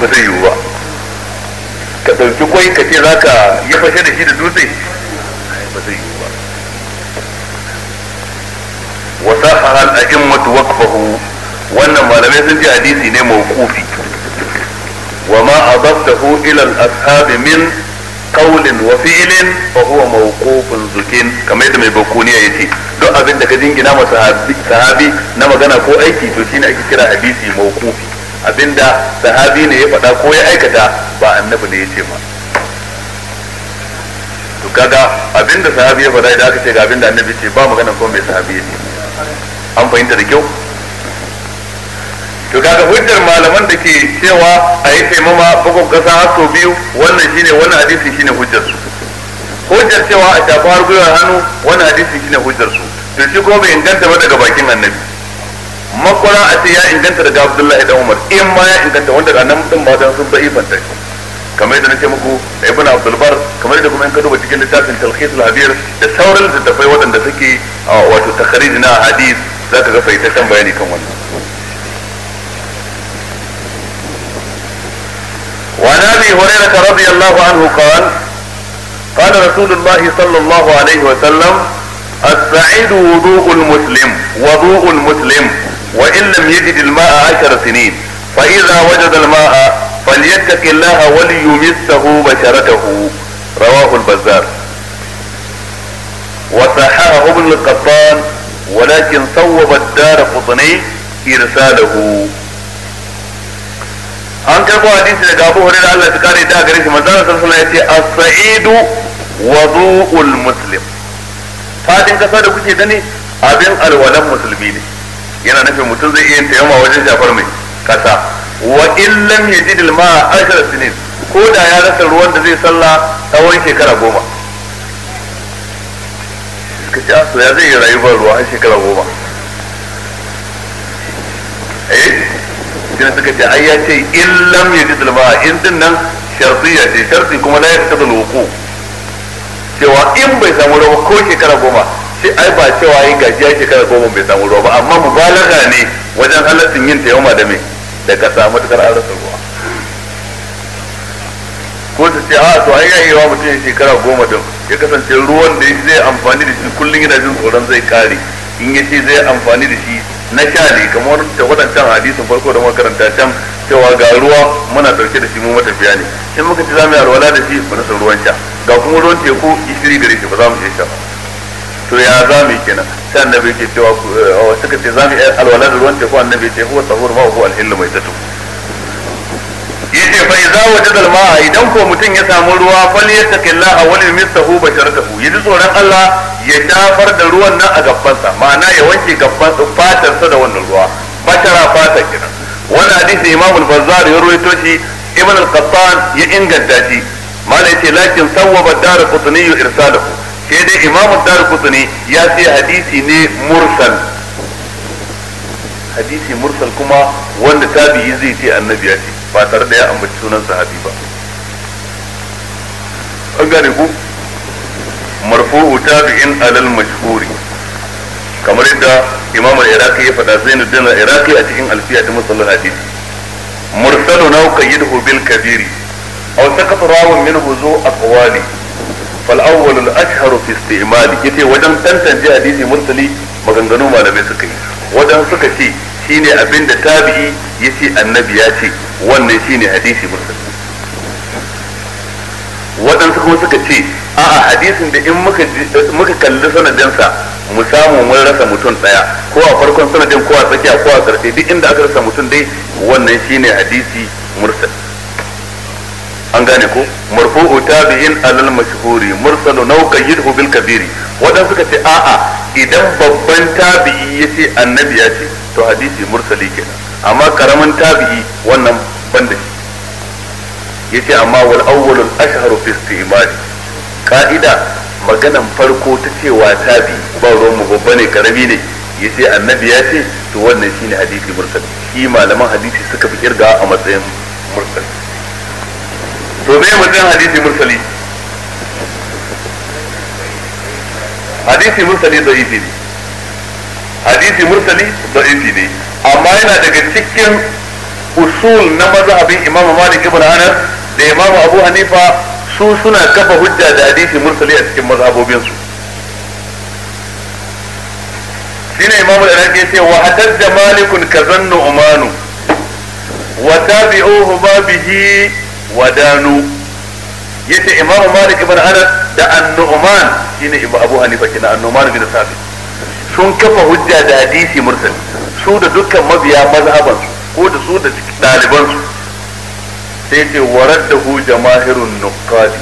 ba zai yiwu ba ka ɗauki kwai ka ce za ka yi fashe da shi da dutse ba zai yiwu ba wasa haral a'immatu waqfahu wannan malamai sun ji hadisi ne mawqufi wa ma adaftahu ila al-ashab min Kaulin wa fi'lin fa huwa mawqufun zukin kamar yadda mai bakuniya yace duk abin da ka jingina ma sahabi na magana ko aiki to shine ake kira hadisi mawqufi abinda sahabi ne ya faɗa ko ya aikata ba annabi ne yace ma to kaga abinda sahabi ya faɗa idan aka ce ga abinda annabi ce ba magana ko mai sahabi yace an fahimta da kyau to kaga hujjar malaman da ke cewa a yi taimama bugun kasa har sau biyu wannan shine wannan hadisi shine hujjar su hujjar cewa a shafi har gwiwar hannu wannan hadisi shine hujjar su to shi ko bai inganta ba daga bakin annabi makwara a ce ya inganta daga abdullahi dan umar in ma ya inganta wanda ga nan din ba dan sun bai fanta shi kamar yadda nace muku da ibn abdul bar kamar yadda kuma in ka duba cikin littafin talhis al-habir da sauran littattafai waɗanda suke wato takhrij na hadis zaka ga faitaccen bayani kan wannan وعن ابي هريره رضي الله عنه قال قال رسول الله صلى الله عليه وسلم السعيد وضوء المسلم وضوء المسلم وان لم يجد الماء عشر سنين فاذا وجد الماء فليتق الله وليمسه بشرته رواه البزار وصححه ابن القطان ولكن صوب الدار قطني ارساله an karbo hadisi daga Abu da Allah ya kare da gare shi manzo sallallahu alaihi wasallam yace as-sa'idu wudu'ul muslim fadin kasa da kuke gani abin alwalan musulmi ne yana nufin mutum zai iya tayyama wajen shafar mai kasa wa in lam yajid al-ma'a ashar sinin ko da ya rasa ruwan da zai salla tsawon shekara goma kace ce asu ah, ya zai rayu ba ruwa a shekara goma eh? mufassiri suka ce ai ya ce illam ya ji al-ma'a in din nan shartiyya ce sharti kuma na la da loko cewa in bai samu ruwa ko shekara goma sai ai ba cewa ai gajiya shekara goma bai samu ruwa ba amma mubalaga ne wajen halaccin yin tayoma da me da ka samu da kara rasa ruwa ko su ce a to ai ya yi wa mutum ya shekara goma din ya kasance ruwan da zai amfani da shi kullum yana jin tsoron zai kare in ya ce zai amfani da shi na shali kamar da waɗancan hadisin farko da makaranta can cewa ga ruwa muna ɗauke da shi mu matafiya ne in muka ci za mu yi alwala da shi ba rasa ruwan sha ga kuma ruwan teku gishiri gare shi ba za mu je sha to ya za mu yi kenan sai annabi ke cewa eh, suka ce za mu yi alwala da ruwan teku annabi ce huwa sahur ma huwa alhillu mai tatu yace fa idza wajada al-ma'a idan ko mutum ya samu ruwa fal falyattaqillaha wal yamsahu basharatahu yaji tsoron Allah ya shafar da ruwan nan a gabbansa ma'ana ya wanke gabban fatar sa da wannan ruwa bashara fata kenan wannan hadisi Imam al-Bazzar ya rawaito shi Ibn al-Qattan ya inganta shi malai ce lakin sawwaba ad-Darqutni irsalahu sai dai Imam ad-Darqutni ya ce hadisi ne mursal hadisi mursal kuma wanda tabi'i zai ce annabi ya ce ba tare da ya ambaci sunan sahabi ba an gane ku marfu'u tabi'in alal mashhuri kamar yadda imam al-iraqi ya fada zainuddin al-iraqi a cikin alfiya ta musallin hadith mursalu na qayyidu bil kabiri aw saqata rawun minhu aqwali fal awwal al ashhar fi istimali yace wajen tantance hadisi mursali maganganu malamai suka yi wajen suka ce shine abin da tabi'i yace annabi ya ce wannan shine hadisi mursal waɗansu kuma suka ce a'a hadisin da in muka kalli sanadinsa mu samu mun rasa mutum ɗaya ko a farkon sanadin ko a tsakiya ko a ƙarshe duk inda aka rasa mutum dai wannan shine hadisi mursal an gane ko marfu'u tabi'in alal mashhuri mursalu naw qayyidhu bil kabiri wadan suka ce a'a idan babban tabi'i yace annabi ya ce to hadisi mursali kenan amma karamin tabi'i wannan banda shi yace amma wal awwalul ashharu fi istimali ka'ida maganan farko ta cewa tabi ba ruwan mu babba ne karami ne yace annabi ya ce to wannan shine hadisi mursali shi malaman hadisi suka fi kirga a matsayin mursali to me mutum hadisi mursali hadisi mursali da'ifi ne hadisi mursali da'ifi ne amma yana daga cikin usul na mazhabin imam malik ibn anas da imam abu hanifa su suna kafa hujja da hadisi mursali a cikin mazhabobinsu shine imam da nake ce wa hatajja malikun kazannu umanu wa tabi'uhu bihi wadanu yace imamu malik ibn anas da annuman shine ibnu abu hanifa kina annuman numan bin sabit sun kafa hujja da hadisi mursal su da dukkan mabiya mazhaban ko da su da daliban su sai ce waraddahu jamaahirun nuqadi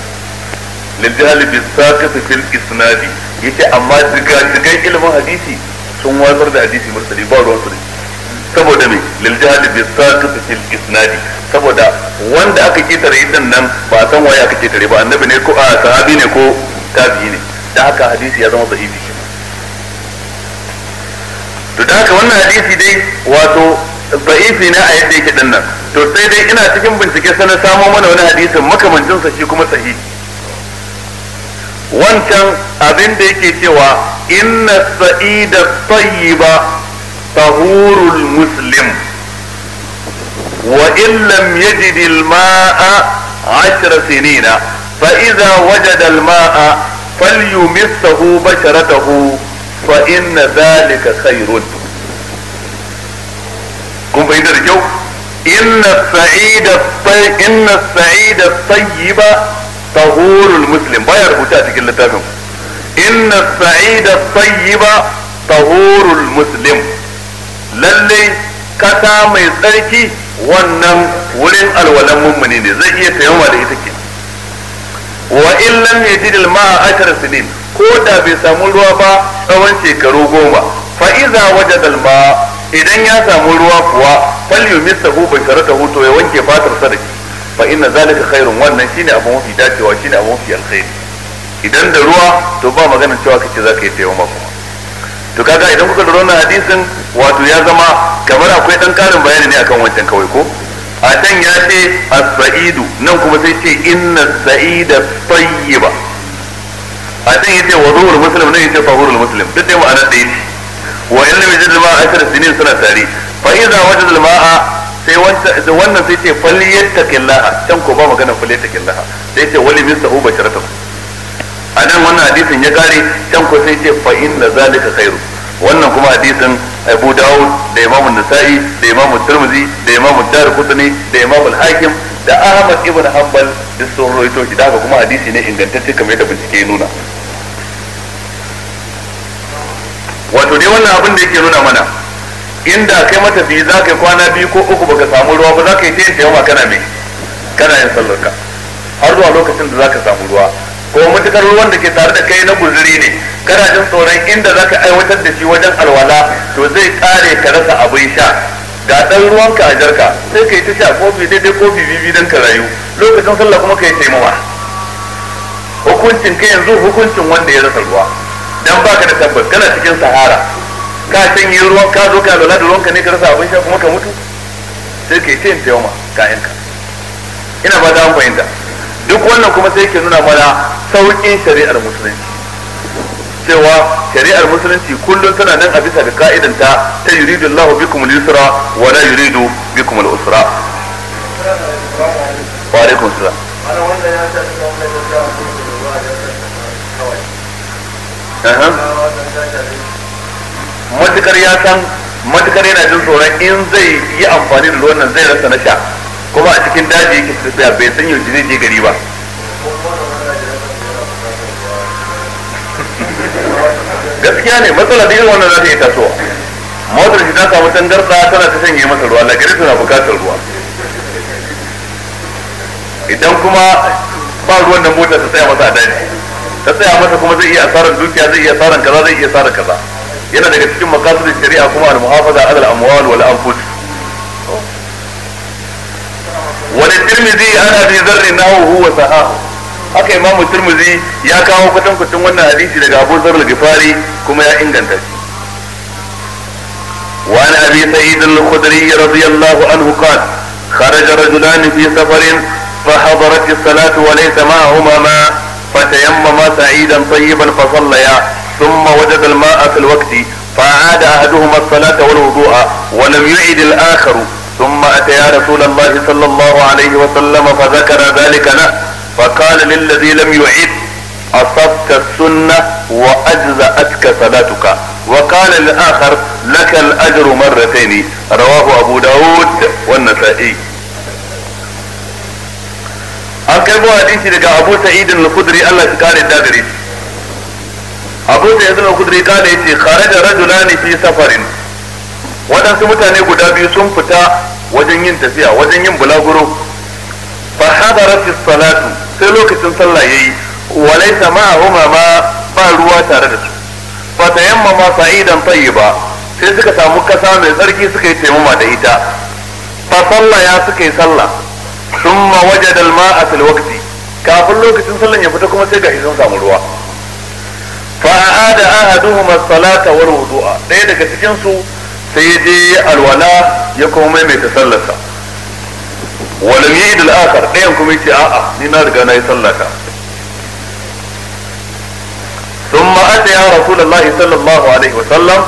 lil jahl bis saqit fil isnadi yace amma diga digan ilmin hadisi sun wazar da hadisi mursali ba ruwan su saboda me lil bi saqit fil isnadi saboda wanda aka ketare din nan ba san waye aka ketare ba annabi ne ko a sahabi ne ko tabi'i ne da haka hadisi ya zama da'ifi to da haka wannan hadisi dai wato sahihi ne a yadda yake din nan to sai dai ina cikin bincike sai samo mana wani hadisin makamancin sa shi kuma sahihi wancan abin da yake cewa inna sa'ida tayyiba طهور المسلم وإن لم يجد الماء عشر سنين فإذا وجد الماء فليمسه بشرته فإن ذلك خير كم بين الجو إن السعيد الطيب إن السعيد الطيب طهور المسلم بوتاتي ربوتا تكل إن السعيد الطيب طهور المسلم lalle kasa mai tsarki wannan wurin alwalan mummuni ne zai iya tayawa da ita ke wa in lam yajid al ma'a ashirin sinin ko da bai samu ruwa ba tsawon shekaru goma fa iza wajada al idan ya samu ruwa kuwa fal bai bi ta hutu ya wanke fatar sa da shi fa inna zalika khairun wannan shine abun mafi dacewa shine abun mafi alkhairi idan da ruwa to ba maganin cewa kace zaka yi tayawa ba to kaga idan kuka lura wannan hadisin wato ya zama kamar akwai dan karin bayani ne akan wancan kawai ko a can ya ce as-sa'idu nan kuma sai ce inna saida tayyiba a can yace wa zuhur muslim nan yace fahurul muslim duk dai ma'ana da yake wa in lam yajid ma'a ashar sinin suna tare fa idza wajada ma'a sai wannan sai ce falyattaqillaha can ko ba magana falyattaqillaha sai ce wali misahu basharatahu a nan wannan hadisin ya kare can ko sai ce fa inna zalika khairu wannan kuma hadisin Abu Dawud da Imam Nasa'i da Imam Tirmidhi da Imam Tirmidhi da Imam Al-Hakim da Ahmad ibn Hanbal da sun rawaito shi daga kuma hadisi ne ingantacce kamar yadda bincike ya nuna wato dai wannan abin da yake nuna mana inda kai mata biyu za ka kwana biyu ko uku baka samu ruwa ba za ka yi ta yin taimaka kana mai kana yin sallarka har zuwa lokacin da za ka samu ruwa ko matukar ruwan da ke tare da kai na guzuri ne kana jin tsoron inda zaka aiwatar da shi wajen alwala to zai kare ka rasa abin sha ga dan ruwan ka a jarka sai kai ta sha kofi daidai kofi bibi dan ka rayu lokacin sallah kuma kai mawa hukuncin ka yanzu hukuncin wanda ya rasa ruwa dan baka da tabbas kana cikin sahara ka san yi ruwan ka zo ka alwala da ruwan ka ne ka rasa abin sha kuma ka mutu sai kai taimawa kayan ka ina ba da an fahimta duk wannan kuma sai ke nuna mana sauƙin shari'ar musulunci cewa shari'ar musulunci kullum tana nan a bisa ga ka'idanta ta yuridu Allahu bikum al-yusra wa la yuridu bikum al-usra wa alaikum salam matukar ya san matukar yana jin tsoron in zai yi amfani da ruwan nan zai rasa na sha kuma a cikin daji yake tafiya bai san yaushe zai je gari ba gaskiya ne matsala da yin wannan za ta yi tasowa motar shi ta samu tangarda tana ta sanya masa ruwa na gari tana bukatar ruwa idan kuma ba ruwan da mota ta tsaya masa a daji ta tsaya masa kuma zai iya asarar dukiya zai iya asarar kaza zai iya asarar kaza yana daga cikin makasar shari'a kuma al-muhafaza ala al-amwal wal anfus وللترمذي عن ابي ذر انه هو صححه haka imamu turmuzi ya kawo kwatan kwatan wannan hadisi daga abu zar al-gifari kuma ya inganta shi wa an abi sa'id al-khudri radiyallahu anhu qala kharaja rajulan fi safarin fa hadarat as-salatu wa laysa ma'ahuma ma fatayammama sa'idan tayyiban fa sallaya thumma wajada al-ma'a fi al-waqti fa aada ahaduhuma as-salata wal wudu'a wa lam yu'id al-akharu ثم أتيا رسول الله صلى الله عليه وسلم فذكر ذلك له فقال للذي لم يعد أصبت السنة وأجزأتك صلاتك وقال الآخر لك الأجر مرتين رواه أبو داود والنسائي an kai bawa hadisi daga abu sa'idin al-kudri Allah shi kare da gare shi abu sa'idin al-kudri kare yace kharaja rajulani fi safarin wadansu mutane guda biyu sun fita wajen yin tafiya wajen yin bulaguro fa fi salatu sai lokacin sallah yayi walaysa ma'ahuma ma ba ruwa tare da su fa tayammama sa'idan tayyiba sai suka samu kasa mai tsarki suka yi taimama da ita fa ya suka yi sallah thumma wajada al-ma'a fil waqti kafin lokacin sallan ya fita kuma sai ga sun samu ruwa fa a'ada ahaduhuma as-salata wal wudu'a daya daga cikin su sai ya je alwala ya kuma maimaita sallarsa walam yi idil akar ɗayan kuma ce a'a ni na riga na yi sallata sun ma'adda ya rasulallah sallallahu alaihi wa sallam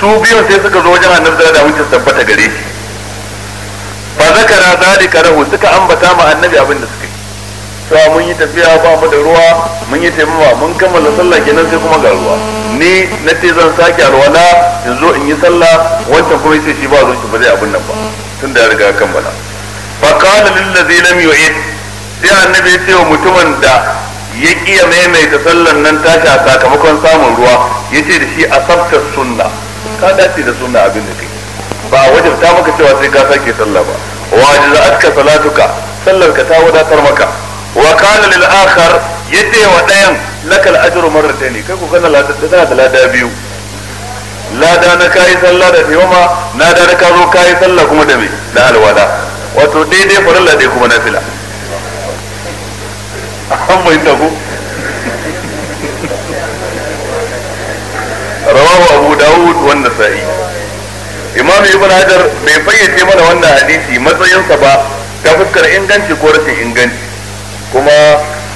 su biyun sai suka zo wajen annabi da wuce tabbata gare shi fa zakara zalika lahu suka ambata ma annabi abin da suka yi cewa mun yi tafiya ba mu da ruwa mun yi taimama mun kammala sallah kenan sai kuma ga ruwa ni na ce zan sake alwala in zo in yi sallah wancan kuma yace shi ba zo shi ba zai abin nan ba tun da ya riga kammala fa qala lil ladzi lam yu'id sai annabi ya ce wa mutumin da ya kiya maimaita sallan nan tashi a sakamakon samun ruwa ya ce da shi a tsaftar sunna ka dace da sunna abin da kai ba ta maka cewa sai ka sake sallah ba wajiza'atka salatuka sallar ka ta wadatar maka wa qala lil akhar yace wa dayan lakal ajru marratayn kai ko kana lada kana da lada biyu lada na kai sallah da taimama na da ka zo kai sallah kuma da me da alwala wato daidai farilla dai kuma nafila an bayyana ku. rawahu abu daud wan nasa'i imam ibn hajar bai fayyace mana wannan hadisi matsayinsa ba ta fuskar inganci ko rashin inganci kuma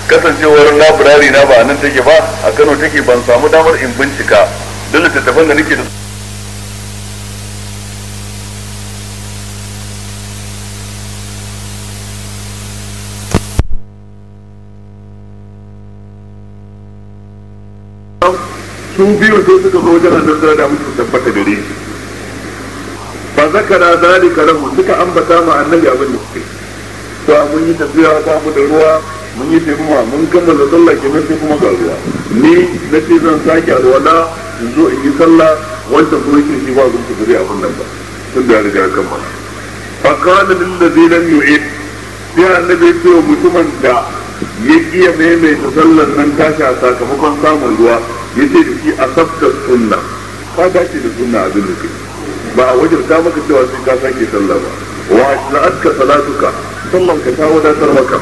kasancewar labirari na ba nan take ba a kano take ban samu damar in bincika duk littattafan da nake da su biyu sai suka zo wajen annabi da mutum tabbata gare shi fa zakara zalika lahu suka ambata ma annabi abin da suke to mun yi tafiya ta mu da ruwa mun yi kuma mun kammala sallah ke sai kuma ga ni na ce zan sake alwala in zo in yi sallah wancan kuma yake shi ba zuwa ba abin nan ba tun da ya riga kammala fa qala lil ladina yu'id sai annabi ya ce mutumin da ya iya maimaita sallar nan tashi a sakamakon samun ruwa ya ce da shi a sabta sunna ka dace da sunna abin da ba a wajen ta maka cewa sai ka sake sallah ba wa la'atka salatuka musamman ka ta wadatar maka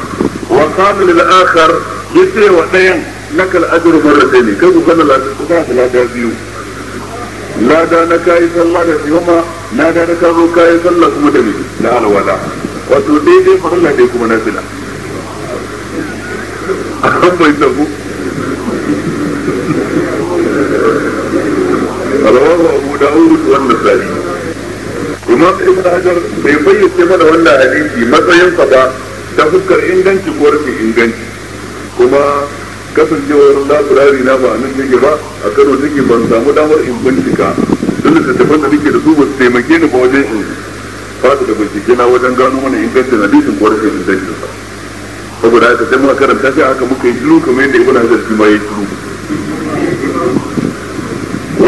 wa qala lil akhar yace wa dayan lakal ajru marratayn kai ku kana la ku kana da lada biyu lada na kai sallah da yoma lada na ka zo kai sallah kuma da ni la alwala wato daidai farilla dai kuma na fila akan bai tabu rawahu abu da'ud wa an-nasa'i imam ibn hajar bai bayyace mana wannan hadisi sa ba da fuskar inganci ko rashin inganci kuma kasancewar laburari na ba nan yake ba a kano take ban samu damar in bincika duk da tafan da nake da su ba su taimake ni ba wajen in fata da bincike na wajen gano mana ingancin hadisin ko rashin inganci ba saboda haka sai muka karanta shi haka muka yi shiru kamar yadda ibn hajar shi ma ya shiru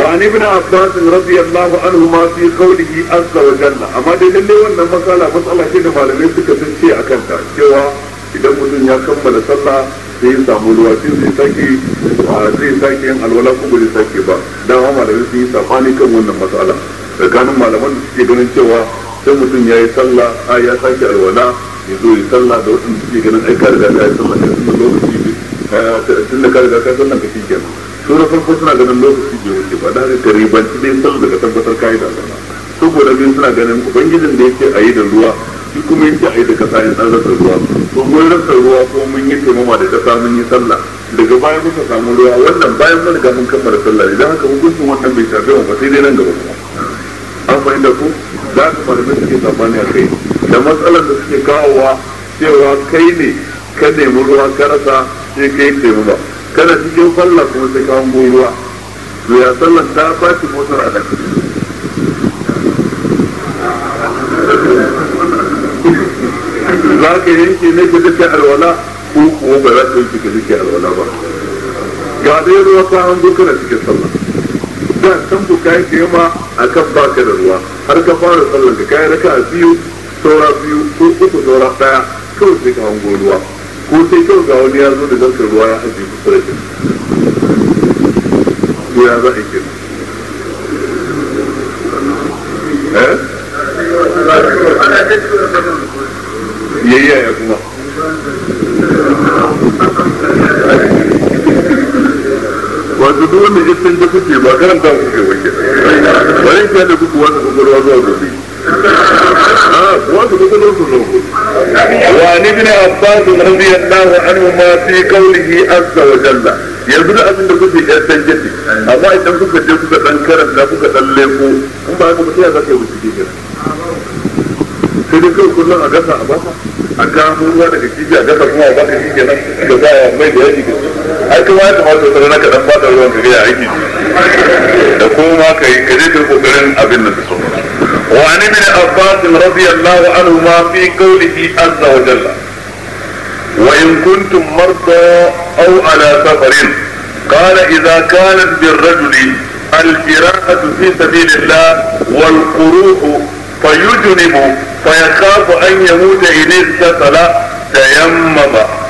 وعن ابن عباس رضي الله عنهما في قوله عز وجل amma dai lalle wannan masala matsala ce da malamai suka san ce akan ta cewa idan mutum ya kammala sallah sai ya samu ruwa sai zai sake yin alwala ko bai sake ba dan ma malamai sun yi safani kan wannan matsala tsakanin malaman da suke ganin cewa sai mutum ya yi sallah a ya sake alwala ya zo sallah da waɗanda suke ganin ai ka riga ka yi sallah a cikin lokaci tun da ka riga ka sura farko suna ganin lokaci da wuce ba dare ta ka ribanci dai daga tabbatar kayi da zama saboda biyu suna ganin ubangijin da yake a yi da ruwa shi kuma yake a yi da kasa in an rasa ruwa ko mun rasa ruwa ko mun yi taimama da kasa mun yi sallah daga bayan muka samu ruwa wannan bayan mun ga mun kammala sallah idan haka hukuncin wannan bai shafe ba sai dai nan gaba kuma an fahimta ko za ka suke tsammani a kai da matsalar da suke kawowa cewa kai ne ka nemi ruwa ka rasa sai kai taimama kana cikin sallah kuma sai kawon goruwa to ya sallan ta faci motar a ɗaki za ka yanke ne ka duka alwala ko kuma ba za ka yanke ka alwala ba ga dai ruwa ka an zo kana cikin sallah da kan ku kai ka yamma akan baka da ruwa har ka fara sallar ka kai raka biyu saura biyu ko uku saura daya kawai sai ka hango ruwa ko sai kyau ga wani ya zo da zarkar ruwa ya haji kusa da shi ya za a yi kenan ابن عباس رضي الله عنهما في قوله عز وجل yanzu da abin da kuke yan san jiki amma idan kuka je kuka dan karanta kuka dan leko in ba haka mutum ya zaka yi wuce ke sai dai kawai kullum a gasa a baka a kamo ruwa daga kifi a gasa kuma a baka shi kenan da za a mai da yaji ai kuma ya kamata wata rana ka dan fada ruwan ka gaya aiki da kuma ka yi kaje ka kokarin abin nan da su وعن ابن عباس رضي الله عنهما في قوله wa jalla. وإن كنتم مرضى أو على سفر قال إذا كانت بالرجل الجراحة في سبيل الله والقروح فيجنب فيخاف أن يموت إليه اغتسل تيمم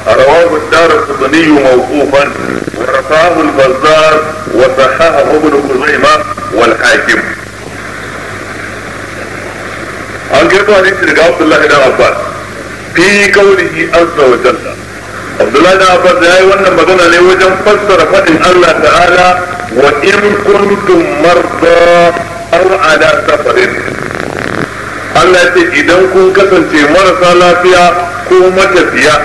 رواه الدار القطني موقوفا ورفعه البزار وصححه ابن خزيمة والحاكم. عن كيف حديث عبد الله بن عباس fi qawlihi azza wa jalla Abdullahi da Abbas ya yi wannan magana ne wajen fassara faɗin Allah ta'ala wa in kuntum marda aw ala safarin Allah ya ce idan kun kasance marasa lafiya ko matafiya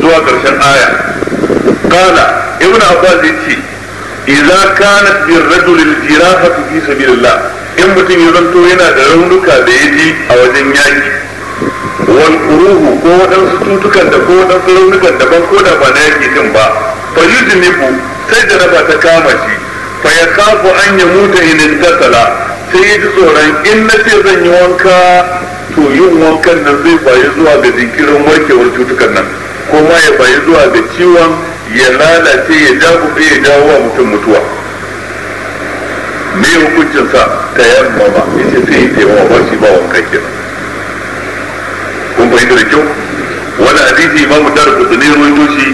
zuwa ƙarshen aya kana ibn Abbas ya ce idza kanat bir rajul al jirahatu fi sabilillah in mutum ya zanto yana da raunuka da yaji a wajen yaki wal ruhu ko waɗansu tutukan da ko waɗansu raunukan daban ko da ba na yaki din ba fa yuznibu sai da ta kama shi fa ya kafu an ya muta in tasala sai ya ji tsoron in na ce zan yi wanka to yin wankan nan zai bayi zuwa ga jinkirin warkewar cutukan nan ko ma ya bayi zuwa ga ciwon ya lalace ya jagube ya jawo wa mutum mutuwa me hukuncinsa ta yamma ba yace sai ya ba shi ba wankan kenan fahimta da kyau wani hadisi imamu tar kutuni ruwaito shi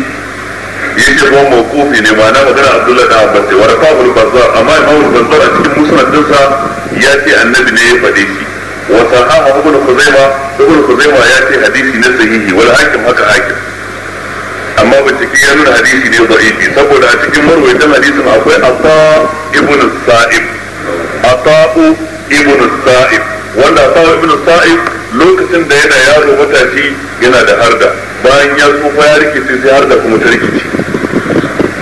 ya ce kuma mawkufi ne ma'ana magana abdullah da abbas ce wani fa'ul bazar amma imamu bazar a cikin musnad dinsa ya ce annabi ne ya faɗe shi wa sahaha ibn kuzaima ibn kuzaima ya ce hadisi na sahihi wal hakim haka hakim amma bincike ya nuna hadisi ne da'ifi saboda a cikin marwaitan hadisin akwai ata ibn sa'ib ata'u ibn sa'ib wanda ata ibn sa'ib lokacin da yana yaro matashi yana da harda bayan ya tsufa ya rikice sai harda kuma ta rikice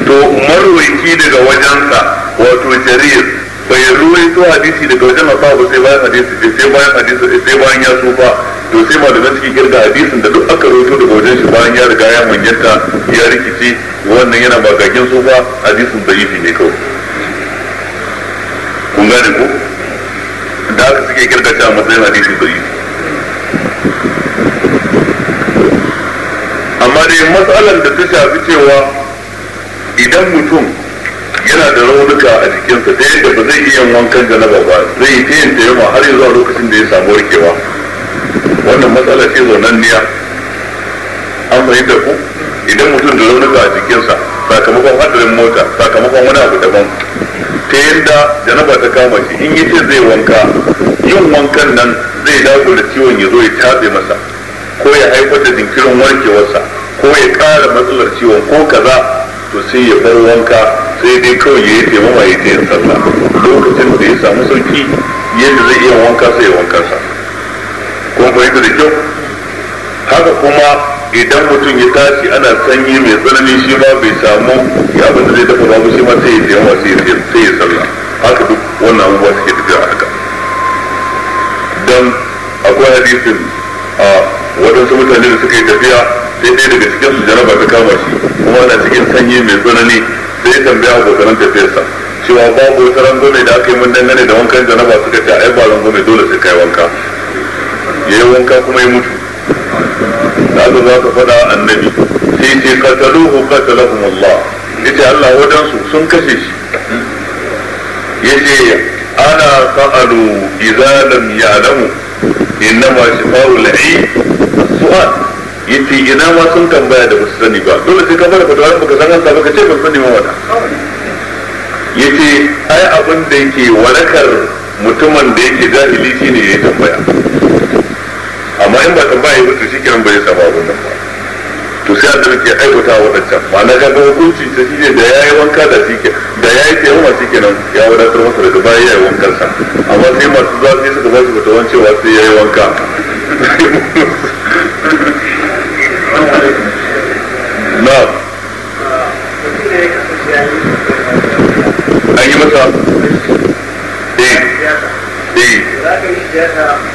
to maroyi daga wajensa wato jarir bai ruwaito hadisi daga wajen masu ba sai bayan hadisi sai bayan hadisi sai bayan ya tsufa to sai ma malaman cikin kirga hadisin da duk aka ruwaito daga wajen shi bayan ya riga ya manyanta ya rikice wannan yana bakakin tsufa hadisin da'ifi ne kawai kun gane ko da aka suke kirga shi a matsayin hadisi da'ifi amma dai matsalar da ta shafi cewa idan mutum yana da raunuka a jikinsa ta yadda ba zai iya wankan na ba zai yi tayin tayyama har yanzu a lokacin da ya samu warkewa wannan matsala ce zonanniya an fahimta ku idan mutum da raunuka a jikinsa sakamakon hadarin mota sakamakon wani abu daban ta yadda janaba ta kama shi in yace zai wanka yin wankan nan zai dago da ciwon ya zo ya tabe masa ko ya haifar da jinkirin warkewarsa ko ya ƙara matsalar ciwon ko kaza to sai ya bar wanka sai dai kawai ya yi taimama ya ce sallah lokacin da ya samu sauki yadda zai iya wanka sai ya wanka sa kuma fahimtar da kyau haka kuma idan mutum ya tashi ana sanyi mai tsanani shi ma bai samu ya abin da zai dafa babu shi ma sai ya tsayawa sai ya sallah haka duk wannan abubuwa suke tafiya haka dan akwai hadisin a waɗansu mutane da suka yi tafiya sai ɗaya daga cikin su jaraba ta kama shi kuma ana cikin sanyi mai tsanani sai ya tambaya abokanan tafiyarsa cewa babu wata gome da aka yi mun dangane da wankan jaraba suka ce ai ba rangume dole sai kai wanka yayi wanka kuma ya mutu kaga za ka faɗa annabi sai ce qataluhu qatalahum Allah ce Allah wadansu sun kashe shi ya ce ana sa'alu idza lam ma shi shifa'ul la'i su'al ce ina ma sun tambaya da ba su sani ba dole sai ka bada fatawa baka san Allah baka ce ban sani ma wata ya ce ai abin da yake warakar mutumin da yake jahili shine ya tambaya amma in ba tambaya ba to shi kiran bai zai samu abin nan ba to sai a ke aiwata a waɗancan ba na ga hukunci ta shi ne da ya yi wanka da shi ke da ya yi taimama shi kenan ya wadatar masa daga baya ya yi wankan sa amma sai masu za su suka ba shi bata wancewa sai ya yi wanka na an yi masa eh eh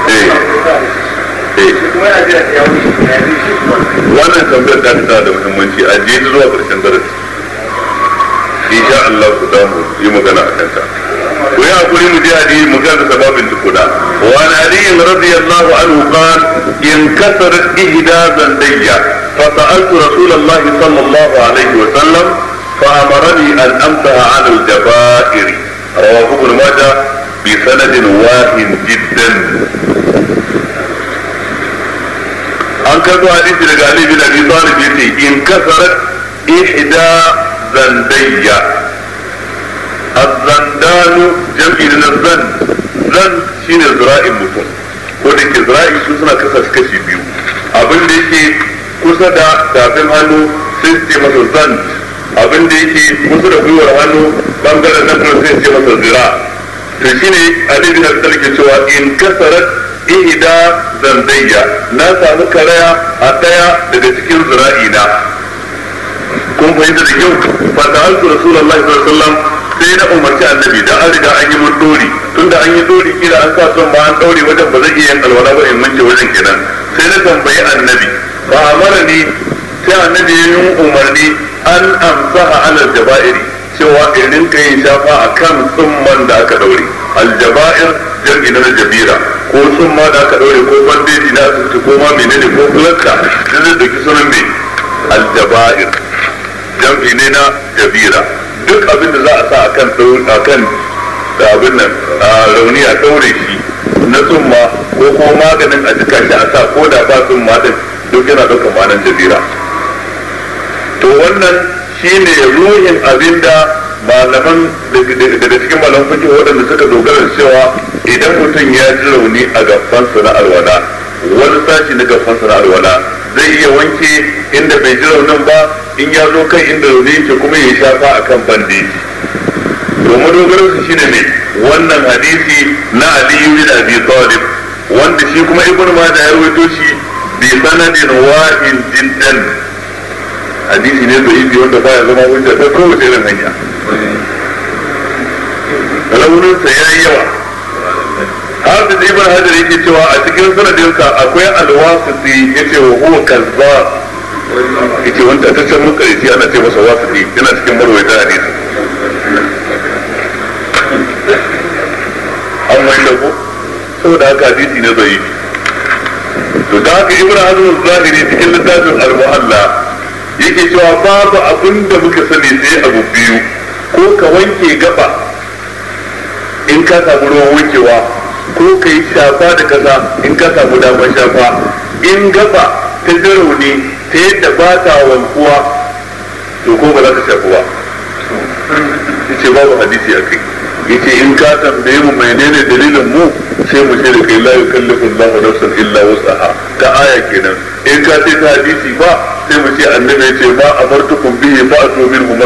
wannan tambayar ta tana da muhimmanci a je zuwa ƙarshen darasi insha Allah ku damu yi magana a kanta ku yi hakuri mu je hadisi mu ga sababin tukuna wa an ali radiyallahu anhu qala in kasarat ihda zandayya fa sa'altu rasulullahi sallallahu alaihi wa sallam fa amarani an amsaha 'ala al-jaba'iri rawahu ibn majah بسند واهن جدا an karɓo hadisi daga Ali bin Abi Talib yace in kasarat ihda zandayya az-zandanu jam'i na zan zan shine zira'in mutum ko da ke zira'i su suna kasa kashi biyu abin da yake kusa da tafin hannu sai ce zan abin da yake kusa da gwiwar hannu bangaren nan sai ce masa zira' to shine Ali bin Abi cewa in kasarat ihda zanzayya na samu karaya a ɗaya daga cikin zira'i na kun fahimta da kyau fa ta'altu rasulullahi sallallahu alaihi sallam sai na umarci annabi da an riga an yi mun dori tunda an yi dori kira an sa son ba an daure wajen ba zai iya yin alwala ba in mance wajen kenan sai na tambayi annabi ba a mara ni sai annabi ya yi umarni an amsa a alal jaba'iri cewa irin ka yi shafa a kan tsumman da aka daure aljaba'ir jam'i na jabira ko tsumma da aka daure ko bandeji na asibiti ko ma menene ko fulakka zai da dauki sunan mai aljaba'ir jam'i ne na jabira duk abin da za a sa a kan akan da abin nan rauni a daure shi na tsumma ko ko maganin a jika shi a sa ko da ba tsumma din duk yana ɗaukar ma'anar jabira to wannan shine ruhin abinda malaman daga cikin malaman fiki waɗanda suka dogara cewa idan mutum ya ji rauni a gaban na alwala wani sashi na gaban na alwala zai iya wanke inda bai ji raunin ba in ya zo kan inda rauni yake kuma ya shafa a kan bandeji domin su shine ne wannan hadisi na aliyu bin abi talib wanda shi kuma ibnu majah ya rawaito shi bi sanadin wa'in jiddan hadisi ne da ibi wanda baya zama hujja ta kowace irin hanya rauninsa ya yi yawa da ibn hajar yake cewa a cikin sanadinsa akwai ya ce wa huwa ya ce wanda ta can mukarisi ana ce masa yi. yana cikin da hadisi an mai da ko saboda haka hadisi ne zai yi to da haka ibn hazm zahiri cikin littafin al-muhalla yake cewa babu abin da muka sani sai abu biyu ko ka wanke gaba in ka samu ruwan wankewa ko ka yi shafa da kasa in ka samu damar shafa in gaba ta jirau ne ta yadda ba ta wankuwa to ko ba za ka shafa ba yace babu hadisi a kai yace in ka tambaye mu menene dalilin mu sai mu ce da kai la yukallifu Allahu nafsan illa wus'aha ta aya kenan in ka ce ta hadisi ba sai mu ce annabi ya ce ba a bar tukun biyu ba a to min hu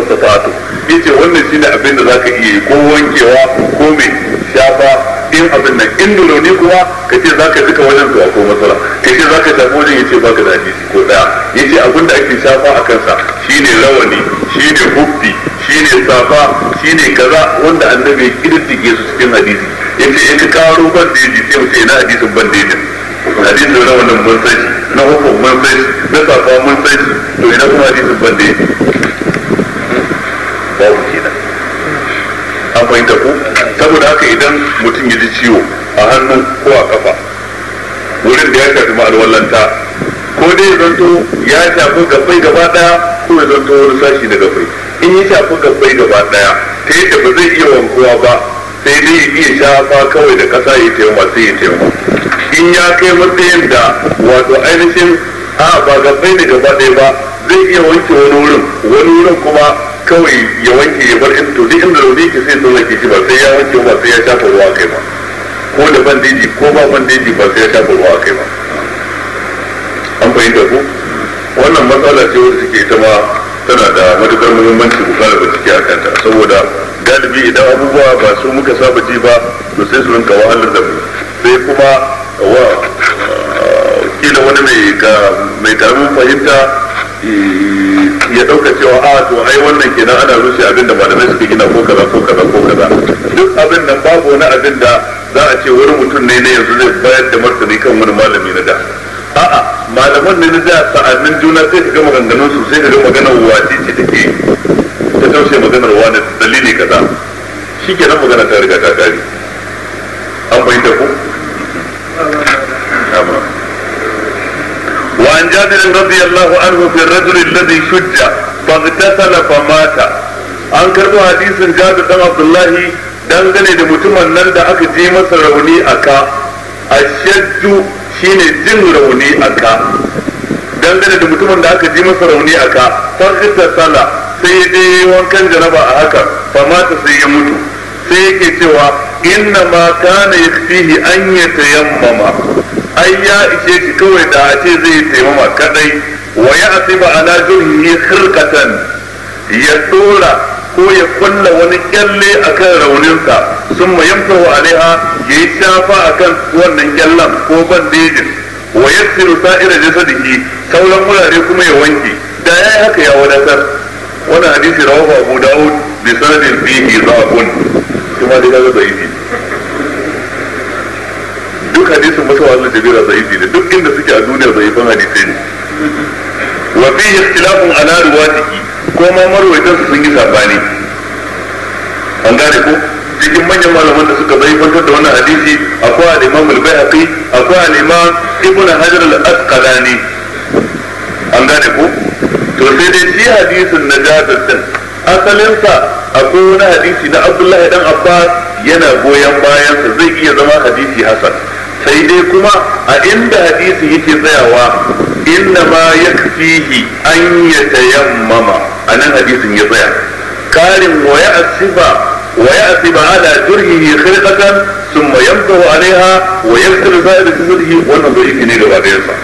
Ya ce wannan shi ne abin da ka iya yi ko wankewa ko mai shafa in abin nan in dole ne kuma ka ce za ka duka wajen zuwa ko matsala ka ce za ka samu wajen ya ce ba ka da hadisi ko daya ce abin da ake shafa a kansa shine rawani shine shi shine safa shine kaza wanda annabi ya kididdige su cikin hadisi ce in ka karo ban da yaji sai mu ce ina hadisin ban da hadisin na wannan mun sai na uku mun sai na safa mun sai to ina kuma hadisin ban da babu kenan an fahimta ku saboda haka idan mutum ya ji ciwo a hannu ko a kafa wurin da ya shafi ma'alwallanta ko dai ya zanto ya shafi gabbai gaba daya ko ya zanto wani sashi na gabbai in ya shafi gabbai gaba daya ta yadda ba zai iya wankuwa ba sai dai ya iya shafa kawai da kasa ya taimaka sai ya taimaka in ya kai matsayin da wato ainihin a ba gabbai da gaba ɗaya ba zai iya wanke wani wurin wani wurin kuma kawai ya wanke ya bar in to duk inda rauni ke sai ke shi ba sai ya wanke ba sai ya shafa ruwa kai ba ko da bandeji ko ba bandeji ba sai ya shafa ruwa kai ba an fahimta ko wannan matsala ce wanda suke ita ma tana da matukar muhimmanci ku fara ciki a kanta saboda galibi idan abubuwa ba su muka saba ji ba to sai su rinka wahalar da mu sai kuma wa kila wani mai ga mai karamin fahimta eh, ya dauka cewa a ah, to ai wannan kenan ana rushe abin da malamai suke gina ko kaza ko kaza ko kaza duk abin nan babu wani abin da za a ce wani mutum ne ne yanzu zai bayar da martani kan wani malami na da a'a malaman ne na da sa'annin juna sai ka ga maganganun su sai ka ga maganar wace ce take ta taushe maganar wani dalili kaza Shi kenan magana ta riga ta kare an bayyana ku وعن جابر رضي الله عنه في الرجل الذي شج فاغتسل فمات an karbo hadisin jabir dan abdullahi dangane da mutumin nan da aka ji masa rauni a ka ashaddu shine jin rauni a ka dangane da mutumin da aka ji masa rauni a ka farkita sala sai dai wankan janaba a haka famata sai ya mutu sai yake cewa inna ma kana yakfihi an yatayammama ai ya ishe shi kawai da a ce zai taimama kadai wa ya asiba ala juhi khirqatan ya ɗora ko ya kulla wani kyalle akan rauninsa sun wa alaiha ya yi shafa akan wannan kyallan ko bandejin wa yaksiru sa'ira jasadihi sauran wurare kuma ya wanke da ya haka ya wadatar wannan hadisi rawahu abu da'ud bi sanadin fihi da'un shi ma dai kaga zaifi duk hadisin masa wa'azin jabira zaifi ne duk inda suke a duniya zaifin hadisai ne wa fi ikhtilafun ala ruwatihi ko ma marwaitan su sun yi sabani an gane ko cikin manyan malaman da suka zaifantar da wannan hadisi akwai al-imam al-bayhaqi akwai al-imam ibn hajar al-asqalani an gane ko to sai dai shi hadisin najasar din asalinsa akwai wani hadisi na abdullahi dan abbas yana goyon bayansa zai iya zama hadisi hasan sai dai kuma a inda hadisi yake tsayawa inna ma yakfihi an yatayammama anan hadisin ya tsaya karin waya asiba waya asiba ala jurhihi khirqatan thumma yamsahu alaiha wa yaghsilu sa'ir jismihi wannan bai ne gaba da yansa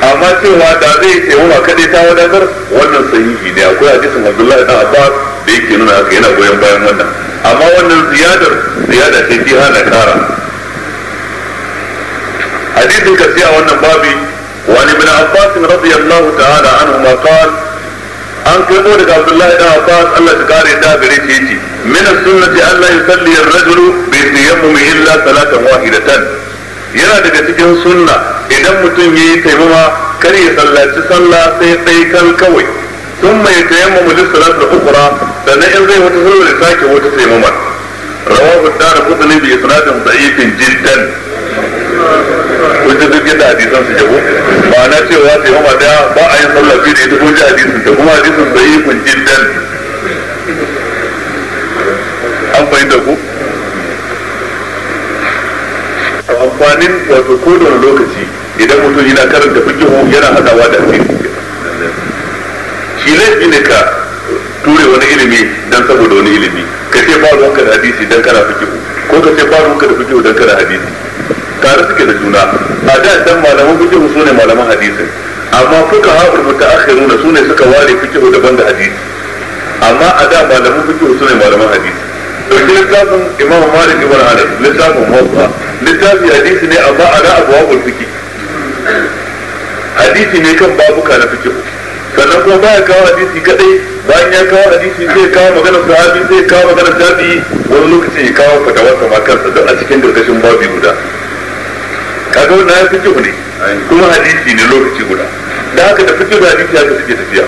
amma cewa da zai ce wa kaɗai ta wadatar wannan sahihi ne akwai hadisin abdullahi dan abbas da yake nuna haka yana goyon bayan wannan amma wannan ziyadar ziyada ce ji hana kara hadisin ka a wannan babi wani bin abbas radiyallahu ta'ala anhu ma qala an karbo daga abdullahi dan abbas Allah ya kare da gare shi yace min as-sunnati an la yusalli ar-rajulu bi tayammumin illa salatan wahidatan yana daga cikin sunna idan mutum ya yi taimama kar ya sallaci sallah sai ɗai kan kawai sun mai taimama lissalat da ukura sannan in zai wata sallar da sake wata taimama rawahu ne kudin bi isnadin da'ifin jiddan hujja duk da hadisan su jabo ba na cewa taimama daya ba a yin sallah biyu da ita hujja hadisin da kuma hadisin da'ifin jiddan an fahimta ku amfanin wato ko da wani lokaci idan mutum yana karanta fikihu yana hadawa da asiri shi laifi ne ka ture wani ilimi dan saboda wani ilimi ka ce ba ruwanka da hadisi dan kana fikihu ko ka ce ba ruwanka da fikihu dan kana hadisi tare suke da juna a da dan malaman fikihu sune malaman hadisi amma fuka nuna su sune suka ware fikihu daban da hadisi amma a da malaman fikihu sune malaman hadisi to shi imam malik ibn anas littafin muwatta littafi hadisi ne amma ana abwabul fiqh hadisi ne kan babuka na fiqh sannan kuma baya kawo hadisi kadai bayan ya kawo hadisi zai kawo maganar sahabi zai kawo maganar tabi'i wani lokacin ya kawo wasa ma kansa don a cikin dokashin babi guda kaga wannan ya fiqh ne kuma hadisi ne lokaci guda da haka da fiqh hadisi hadisi haka suke tafiya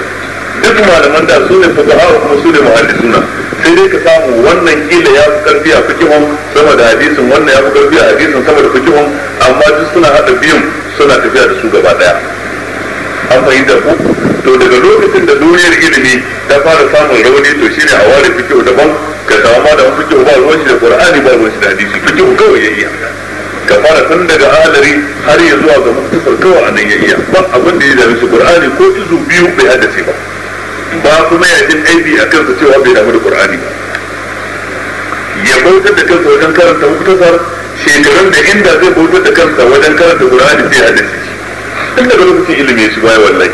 duk malaman da su ne fuqaha kuma su ne suna. sai dai ka samu wannan kila ya fi karfi a fikihun sama da hadisin wannan ya fi karfi a hadisin sama da fikihun amma duk suna hada biyun suna tafiya da su gaba daya an fahimta ku to daga lokacin da duniyar ilimi ta fara samun rauni to shine a ware fikihu daban ka samu ma da fikihu ba ruwan shi da qur'ani ba ruwan shi da hadisi fikihu kawai ya iya ka fara tun daga alari har ya zuwa ga muktasar kawai nan ya iya ba abin da ya dame shi qur'ani ko izu biyu bai haddace ba ba kuma ya jin aibi a kansa cewa bai damu da qur'ani ba ya bautar da kansa wajen karanta muktasar shekarun da inda zai bautar da kansa wajen karanta qur'ani sai ya dace tun daga lokacin ilimi su baya wallahi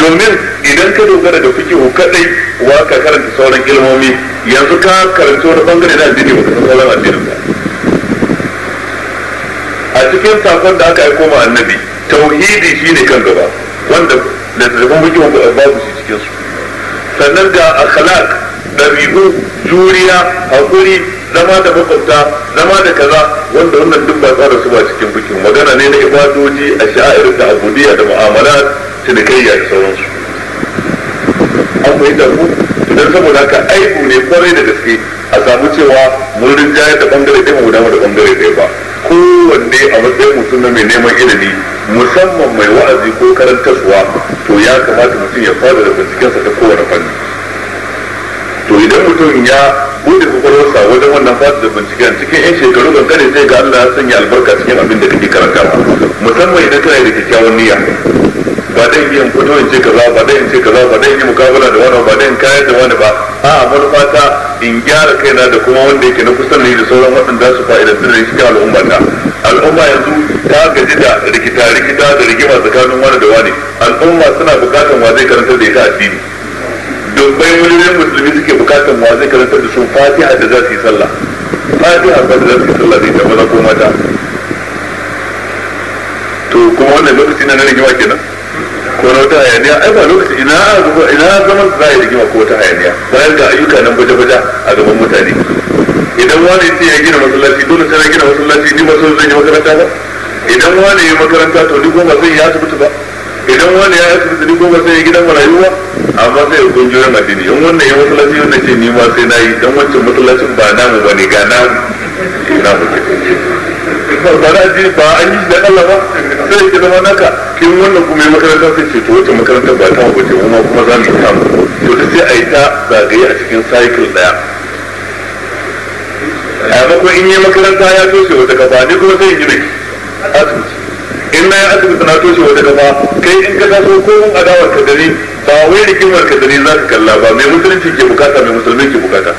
domin idan ka dogara da ku kadai wa ka karanta sauran ilmomi yanzu ka karanta wani bangare na addini baka san sauran addinin ba a cikin safon da aka yi koma annabi tauhidi shine kan gaba wanda da zafin baki wanda babu shi cikin su sannan da akhlaq dabi'u juriya hakuri zama da makwabta zama da kaza wanda wannan duk ba tsara su ba cikin bikin magana ne na ibadoji a sha'ir da abudiyya da mu'amala cinikayya da sauransu an fahimta ku idan saboda haka aibu ne kwarai da gaske a samu cewa mun rinjayar da bangare ɗaya mu da bangare ɗaya ba kowanne a matsayin mutum na mai neman ilimi musamman mai wa'azi ko karantarwa to ya kamata mutum ya fada da bincikensa ta kowane fanni to idan mutum ya bude kwakwalwarsa wajen wannan fada da binciken cikin yan shekaru kare sai ga Allah ya sanya albarka cikin abin da kake karantawa musamman idan kana da kyakkyawan niyya ba dai yin fito in ce kaza ba dai in ce kaza ba dai yin mukabala da wani ba in kayar da wani ba a'a manufata in gyara kaina da kuma wanda yake na kusan ne da sauran waɗanda su fa'idantar da shi cikin al'ummata al'umma yanzu ta gaji da rikita rikita da rigima tsakanin wani da wani al'umma suna bukatan wa zai karantar da ita addini dubbai ne musulmi suke bukatan wa zai karantar da su fatiha da za su yi sallah fatiha ba da za su yi sallah da ita maza ko mata to kuma wannan lokaci na rigima kenan ko na wata hayaniya ai ba lokaci ina ina zaman za a yi rigima ko wata hayaniya bayan ga ayyuka nan baje-baje a gaban mutane idan wani ce ya gina masallaci dole sai ya gina masallaci ni ba so zan yi makaranta ba idan wani ya makaranta to ni goma zai yi asibiti ba idan wani ya asibiti ni goma zai yi gidan marayu ba amma sai ya kungiyoyin addini in wannan ya masallaci wannan ce ni ma sai na yi dan wancan masallacin ba namu ba ne ga namu na. mutum baraji ba an ba sai ki ba a yi ta a cikin cycle daya a maimakon in yi makaranta ya toshe wata kafa kuma sai asibiti in na yi asibiti na toshe wata kafa kai in ka taso ko mun adawar ka gani ba wai ka gani za ka kalla ba mai musulunci ke bukata mai musulmi ke bukata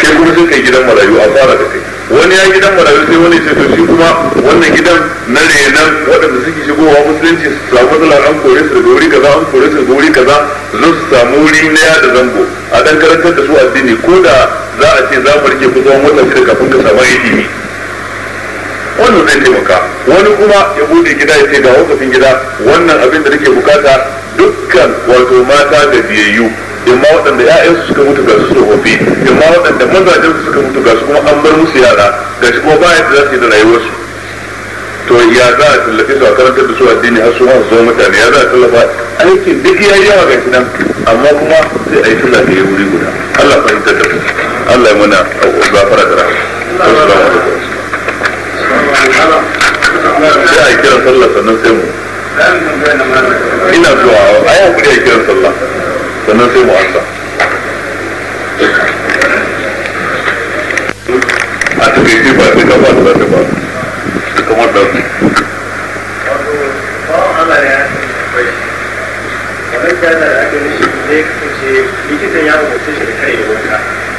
kai kuma sai kai gidan marayu a fara da kai wani ya gidan marayu sai wani ce shi kuma wannan gidan na renan waɗanda suke shigowa musulunci su samu matsalar an kore su da wuri kaza an kore su da wuri kaza zan su samu wuri na yada zango a dan karantar da su addini ko da za a ce za mu rike kusan wata da kafin ka samu ilimi wannan zai taimaka wani kuma ya bude gida ya ce ga wakafin gida wannan abin da nake bukata dukkan wato mata da biyayyu imma waɗanda ‘ya'yansu suka mutu ga su kofi imma waɗanda su suka mutu ga su kuma an bar musu yara ga shi kuma ba yadda za su yi da su to ya za a tallafi su a karantar da su addini har su ma su mutane ya za a tallafa aikin duk ya yi yawa ga shi nan amma kuma sai a yi sallah da ya wuri guda Allah fahimtar da su Allah ya mana gafara da rahama sai a yi kiran sallah sannan sai mu ina zuwa a yi kudi a kiran sallah sannan sai mu ansa a takaice ba sai kafa da zafi ba da kamar da su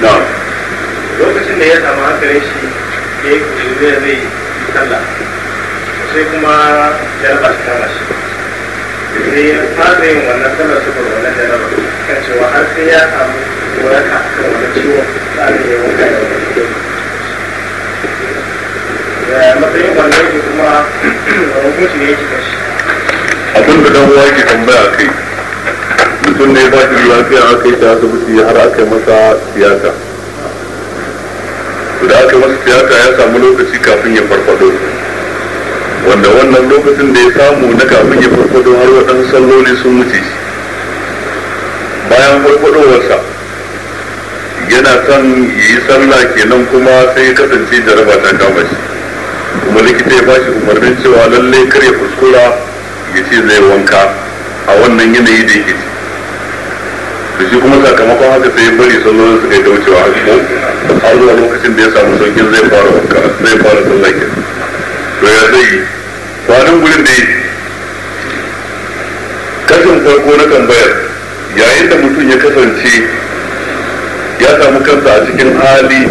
ya lokacin da ya samu hankalin shi zai yi sallah sai kuma jarabar kama shi sai eh, ya fara yin wannan sallar su wannan da rawa kan cewa har sai ya samu waraka kan wannan ciwon tsarin ya wanka da wannan ciwon matsayin wannan yake kuma wani kuma ne yake kashi abin da dan uwa yake tambaya kai mutum ne ba shi lafiya aka yi ta asibiti har aka masa siyasa da aka masa siyasa ya samu lokaci kafin ya farfado wanda wannan lokacin da ya samu na kafin ya farfado har waɗansu salloli sun wuce bayan farfadowarsa yana son yi sallah kenan kuma sai ya kasance jaraba ta kama shi kuma likita ya bashi umarnin cewa lallai kar ya kuskura ya ce zai wanka a wannan yanayi da yake da shi kuma sakamakon haka sai bari sallolin suka yi daucewa har zuwa lokacin da ya samu saukin zai fara wanka zai fara sallah kenan to to a da yi kasan kashin farko na tambayar yayin da mutum ya kasance ya samu kansa a cikin hali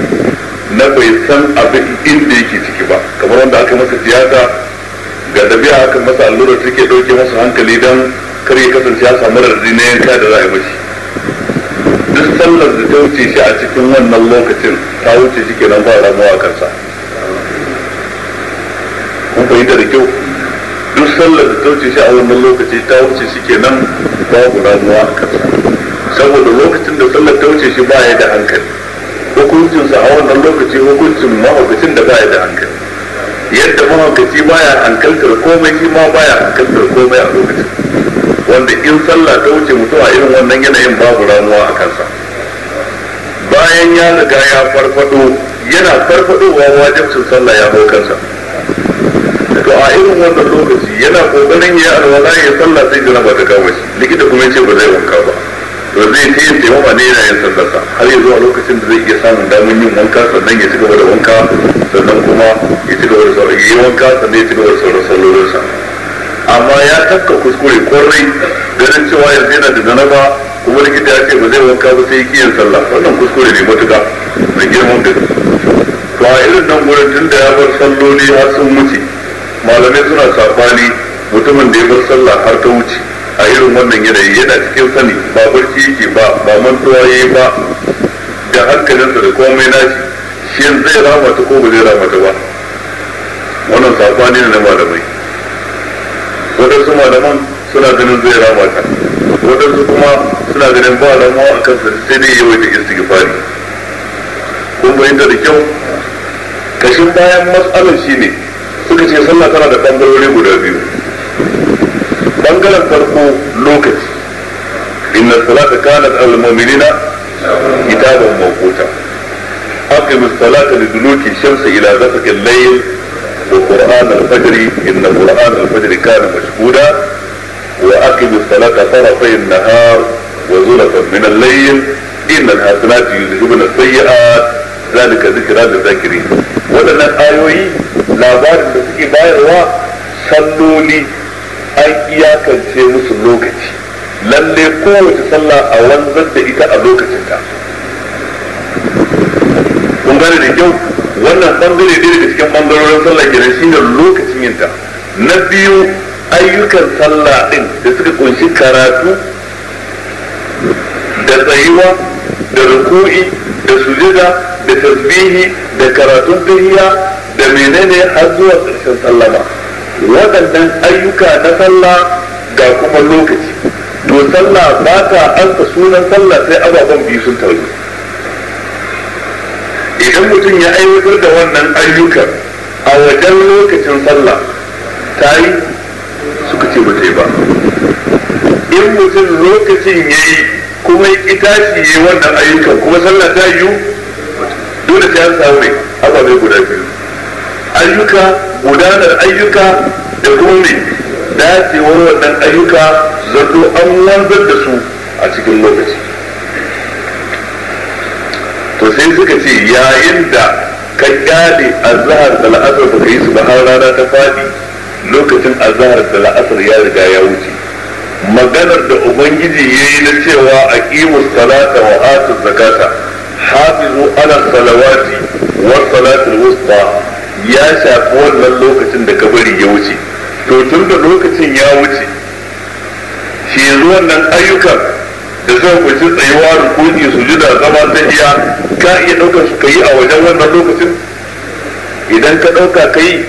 na bai san abin inda yake ciki ba kamar wanda aka masa tiyata ga dabi'a aka masa allura ke ɗauke masa hankali don kar ya kasance ya samu rarri na yanka da za a yi mashi duk sallar da ta wuce shi a cikin wannan lokacin ta wuce shi kenan ba ramuwa kansa kun fahimta da kyau sallar da ta wuce shi a wannan lokaci ta wuce shi kenan babu ramuwa a kansa saboda lokacin da sallar ta wuce shi baya da hankali hukuncinsa a wannan lokaci hukuncin mahaukacin da baya da hankali yadda mahaukaci baya hankaltar komai shi ma baya hankaltar komai a lokacin wanda in sallah ta wuce mutum a irin wannan yanayin babu ramuwa a kansa bayan ya riga ya farfado yana farfadowa wajibcin sallah ya hau kansa to a irin wannan lokaci yana kokarin ya alwala ya sallah sai jira ba ta kama shi likita kuma ya ce ba zai wanka ba to zai ta yin ba ne yana yin sallarsa har ya a lokacin da zai iya samun damar yin wanka sannan ya ci gaba da wanka sannan kuma ya ci gaba da sauran yi wanka sannan ya ci gaba da sauran sallolinsa amma ya takka kuskure kwarai ganin cewa yanzu yana da zanaba kuma likita ya ce ba zai wanka ba sai kiyan sallah wannan kuskure ne matuka da girman gaske to a irin nan gurin tun da ya bar salloli har sun mutu malamai suna sabani mutumin da ya bar sallah har ta wuce a irin wannan yanayi yana cikin sani ba barci yake ba ba mantuwa yayi ba da hankalinsa da komai nashi shi yanzu zai rama ta ko ba zai rama ta ba wannan sabani ne na malamai waɗansu malaman suna ganin zai rama ta waɗansu kuma suna ganin ba damuwa a kansa sai dai yawai da istighfari kun fahimta da kyau kashin bayan matsalar shi ne suka ce sallah tana da bangarori guda biyu bangaren farko lokaci inna salata kanat al mu'minina kitaban mawquta aqim as-salata li duluki shamsi ila ghasaqi al-layl wa qur'an al-fajr inna qur'an al-fajr kana mashhuda wa aqim as-salata tarafay an-nahar wa zulfan min al-layl inna al-hasanati yudhhibna as-sayyi'at zalika zikra lil zakirin waɗannan ayoyi labarin da suke bayarwa salloli an iyakance musu lokaci lalle kowace sallah a wanzar da ita a lokacinta kun gane da kyau wannan bangare ne daga cikin bangarorin sallah kenan shine lokacin yinta na biyu ayyukan sallah ɗin da suka kunshi karatu da tsayuwa da ruku'i da sujuda da tasbihi da karatun tahiyya da menene har zuwa ƙarshen sallama waɗannan ayyuka na sallah ga kuma lokaci to sallah ba ta sunan sallah sai ababen biyu sun taru idan mutum ya aiwatar da wannan ayyuka a wajen lokacin sallah ta suka ce ba ta ba in mutum lokacin ya yi kuma ya tashi yi wannan ayyukan kuma sallah ta yiwu dole sai an mai ababe guda biyu ayyuka gudanar ayyuka da kuma mai dacewar wannan ayyuka zato an wanzar da su a cikin lokaci to sai suka ce yayin da ka kyale azhar da la'asar ba ka yi su ba har rana ta faɗi lokacin azhar da la'asar ya riga ya wuce maganar da ubangiji ya yi na cewa a ƙimus salata wa atu zakata hafizu ala salawati wa salatul wusta ya shafi wannan lokacin da kabari ya wuce to tun da lokacin ya wuce shi yanzu wannan ayyukan da zai kunshi tsayuwa ji sujuda zama ta iya ka iya ɗaukar su ka yi a wajen wannan lokacin idan ka ɗauka ka yi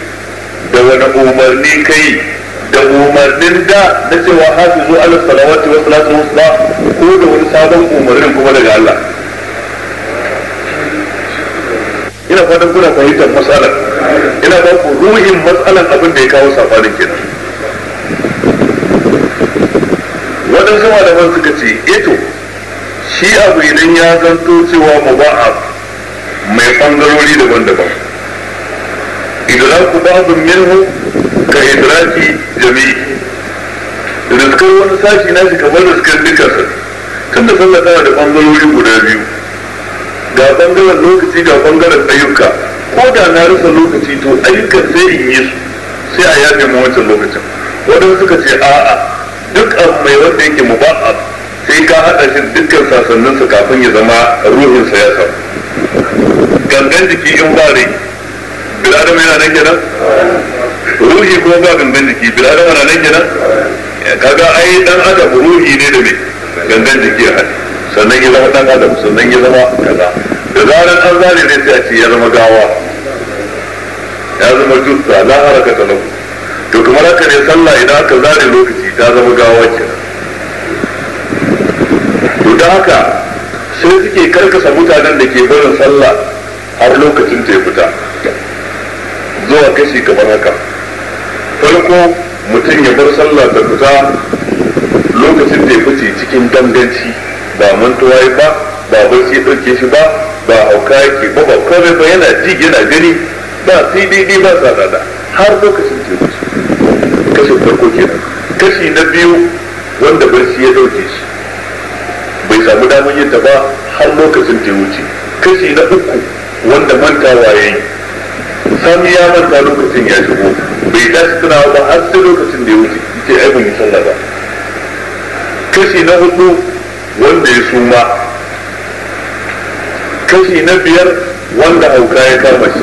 da wani umarni ka yi da umarnin da na cewa hafizu ala salawati wa salatu wusta ko da wani sabon umarnin kuma daga Allah ina fatan kuna fahimtar matsalar ina ba ku ruhin matsalar abin da ya kawo safarin kenan waɗansu malaman suka ce eto eh shi abu idan ya zanto cewa a mai ɓangarori daban-daban idraku ba'dun minhu ka idraki jami'i rizkar wani sashi na shi kamar rizkar dukansa tunda sallah tana da bangarori guda biyu ga bangaren lokaci ga bangaren ayyuka ko da na rasa lokaci to ayyukan sai in yi su sai a yafe ma wancan lokacin wadanda suka ce a'a duk abu mai wanda yake muba'ab sai ka haɗa shi dukkan sasanninsa kafin ya zama ruhinsa ya samu gangan jiki in ba rai bil adama yana nan kenan ruhi ko ba gangan jiki bil adama na nan kenan kaga ai dan adam ruhi ne da me gangan jiki a sannan ya zama dan adam sannan ya zama kaza da zaran an zane ne sai a ce ya zama gawa ya zama jutsa la harakata lahu to kamar haka ne sallah idan aka zane lokaci ta zama gawa kenan to da haka sai suke karkasa mutanen da ke barin sallah har lokacin ta ya fita zuwa kashi kamar haka farko mutum ya bar sallah ta fita lokacin da ya fice cikin danganci ba mantuwa ya ba ba barci ya ɗauke shi ba ba hauka yake ba ba kawai ba yana ji yana gani ba sai daidai ba sa rada har lokacin da ya fice kashin farko kenan kashi na biyu wanda barci ya ɗauke shi bai samu damar yin ta ba har lokacin da ya wuce kashi na uku wanda mantawa ya yi sami ya manta lokacin ya shigo bai su tunawa ba har sai lokacin da ya wuce ce ai ban yi sallah ba kashi na hudu wanda ya suma kashi na biyar wanda hauka ya kama shi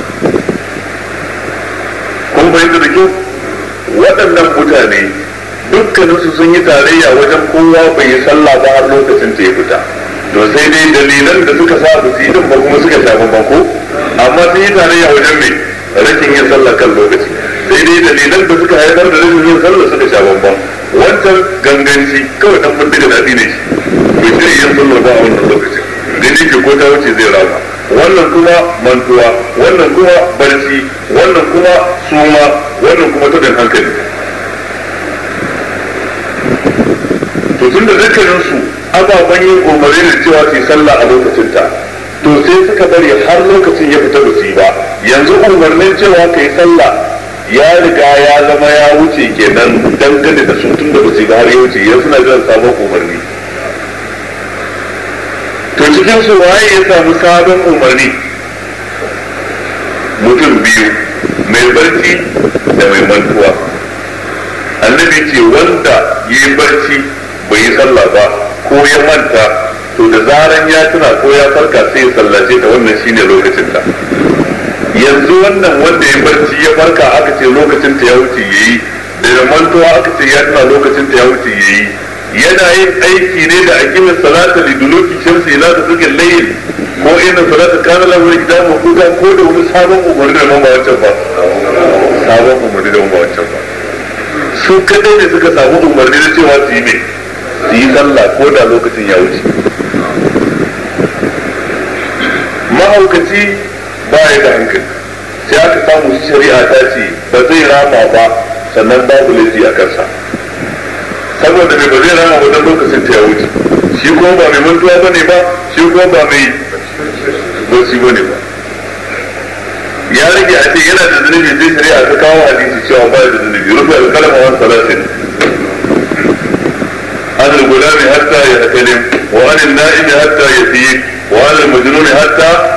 kun fahimta da kyau waɗannan mutane dukkaninsu sun yi tarayya wajen kowa bai yi sallah ba har lokacin da ya fita to sai dai dalilan da suka sa su yi ba kuma suka shafi ba ko amma sun yi tarayya wajen mai rashin yin sallah kan lokaci daidai dalilan da suka haifar da rashin yin sallah suka sha bambam wancan ganganci kawai dan mun daga dadi ne shi bai sai yin sallah ba a wannan lokacin daidai ke ko ta wuce zai rama wannan kuma mantuwa wannan kuma barci wannan kuma suma wannan kuma tabin hankali to tunda su ababen yin umarni da cewa su sallah a lokacin ta. to sai suka bari har lokacin ya fita busi ba yanzu umarnin cewa ka yi sallah ya riga ya zama ya wuce kenan dangane da su tun da busi ba har ya wuce ya suna jiran sabon umarni to cikin su waye ya samu sabon umarni mutum biyu mai barci da mai mantuwa annabi ce wanda yi barci bai yi sallah ba ko ya manta to da zaran ya tuna ko ya farka sai ya sallace ta wannan shine lokacin ta yanzu wannan wanda ya barci ya farka aka ce lokacin ta ya wuce yayi da manto aka ce ya tuna lokacin ta ya wuce yayi yana yin aiki ne da akimi salata li duluki shamsi ila da suke layin ko ina salata kana lahu kitab mafuta ko da wani sabon umarni da ba wancan ba sabon umarni da ba wancan ba su kadai ne suka samu umarni da cewa su yi ne su yi sallah ko da lokacin ya wuce mahaukaci ba ya da hankali sai aka samu shari'a ta ce ba zai rama ba sannan ba su laifi a kansa saboda mai ba zai rama wajen lokacin ta ya wuce shi kuma ba mai mantuwa ba ne ba shi kuma ba mai bosi ba ne ba ya rage a ce yana da zunubi zai shari'a ta kawo hadisi cewa ba da zunubi rufe alkalama wani salatin عن الغلام حتى يأتلم وعن النائم حتى يفيق وعن المجنون حتى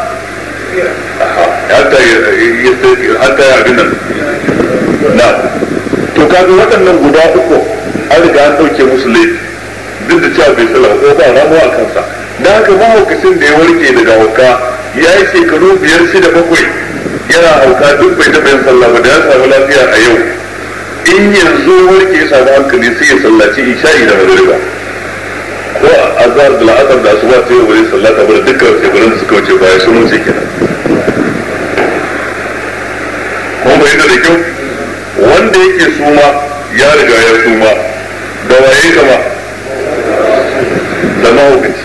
hatta hatta ya abin nan na to kaga waɗannan guda uku an riga an ɗauke musu laifi duk da cewa bai sallah ko ba ramu a kansa da haka mahaukacin da ya warke daga hauka ya yi shekaru biyar shida bakwai yana hauka duk bai taɓa yin sallah ba da ya samu lafiya a yau in yanzu warke ya samu hankali sai ya sallaci isha'i da magariba ko a azhar da la'asar da asuba sai ya wuri sallata bar dukkan shekarun da suka wuce baya sun wuce kenan fahimta da kyau wanda yake suma ya riga ya suma da waye kama da mahaukaci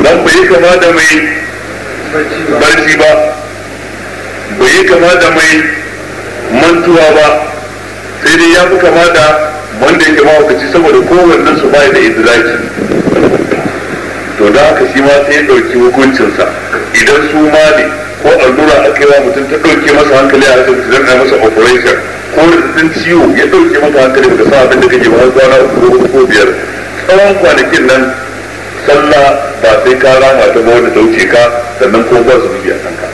don bai kama da mai barci ba bai kama da mai mantuwa ba sai dai ya fi kama da wanda yake mahaukaci saboda kowannen su bai da idraki to da aka shi ma sai ya ɗauki hukuncinsa idan su ma ne ko allura a yi wa mutum ta ɗauke masa hankali a asibiti don a masa operation ko rikicin ciwo ya ɗauke masa hankali da sa abin da kake ba kwana uku ko biyar tsawon kwanakin nan sallah ba sai ka rama ta ba wanda ta wuce ka sannan ko ba su biya kanka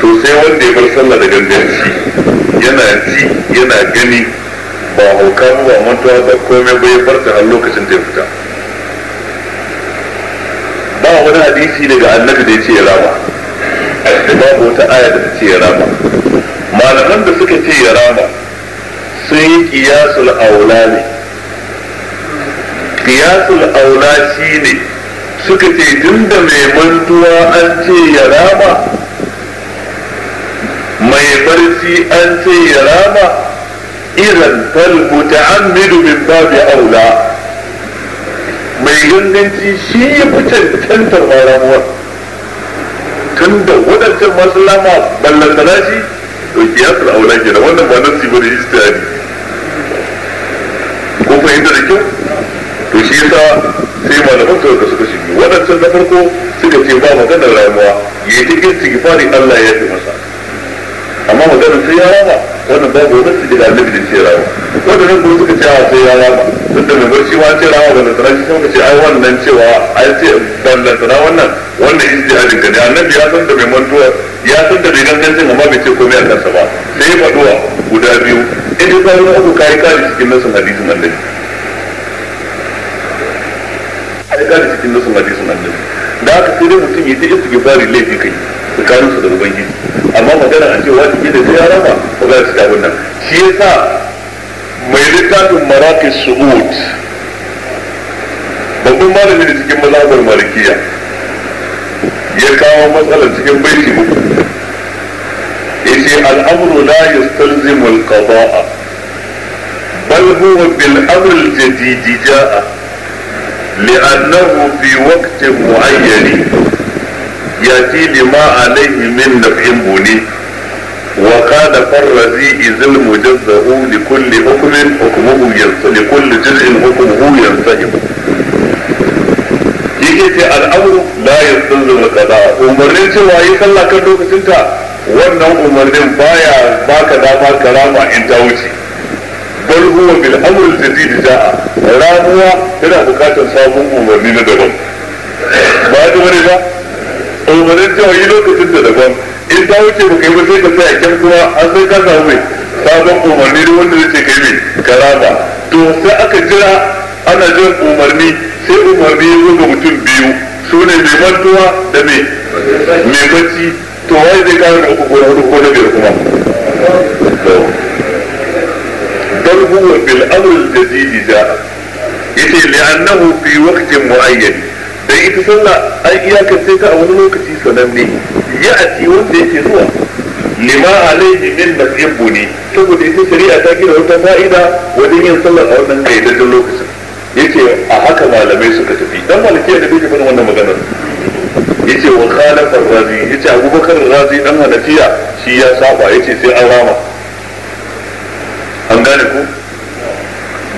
to sai wanda ya bar sallah da shi yana ci yana gani ba hauka ba mantuwa ba komai bai bar ta har lokacin da ya fita hadisi daga annabi da ya ce rama babu wata aya da ta ce rama malaman da suka ce ya rama sun yi kiyasul aula ne kiyasul aula shi ne suka ce tun da mai mantuwa an ce ya rama mai barci an ce ya rama irin talbu ta'ammidu min babu aula mai shi ya fi cancantar ma ramuwar tun da wadancan masu lama ballantana shi to kiyasar aula da wannan ba nasi bane istihadi ko fahimta da kyau to shi yasa sai malaman suka suka shi wadancan na farko suka ce ba maganar ramuwa ya yi cikin fari Allah ya fi masa amma maganar sai ya rama wannan babu wani su da annabi da ce rawa wanda nan kuma suka ce a sai ya rama tunda mai barci ma ce rawa ba lantana shi kuma ce ai wannan cewa ai ce ban lantana wannan wannan ijtihadin rinka ne annabi ya san da mai mantuwa ya san da rigan gancin amma bai ce komai a kansa ba sai ya faduwa guda biyu in ka kawo uku kai kare cikin nasu hadisin annabi kai kare cikin nasu hadisin annabi da haka sai dai mutum ya ta istighfari laifi kai tsakanin su da ubangiji amma magana a ce wajibi da sai ya rama magana su tabin nan shi yasa mai littafin maraqis su'ud babban malami da cikin mazhabar malikiya ya kawo matsalar cikin baiti uku yace al'amru la yastalzimu al-qada'a bal huwa bil amr al-jadid ja'a لأنه في وقت معين yati bima alaihi min naf'in buni wa qala farrazi izil mujazzahu li kulli hukmin hukmuhu yansahi li kulli juz'in hukmuhu yansahi yake ce al'amru la yastanzu al-qada umarnin cewa yi sallah kan lokacin ta wannan umarnin baya baka dafa karama in ta wuce bal huwa bil amr al-jadid ja'a ramuwa tana bukatar sabon umarni na daban ba da wani ba umarnin cewa yi lokacin da daban in ta wuce ba kai ba sai ka tsaya kyan kuma an sai ka samu sabon umarni da wanda zai ce kai mai karaba to sai aka jira ana jin umarni sai umarni ya zo ga mutum biyu su ne mai mantuwa da mai mai bacci to wai zai kawo da uku ko na hudu ko na biyar kuma bal huwa bil amr al jadid ja yace li annahu fi waqtin muayyan dan eh, ita sallah an iyakance ta a wani lokaci sananne ya a ci wanda yake zuwa lima alaihi min nasibu ne saboda ita shari'a ta gina wata fa'ida wajen yin sallah a wannan kayyadaddin lokacin yace a haka malamai suka tafi dan malikiya da take faɗin wannan maganar yace wa khalafa razi yace abubakar razi dan hanafiya shi ya saba yace sai an rama an gane ku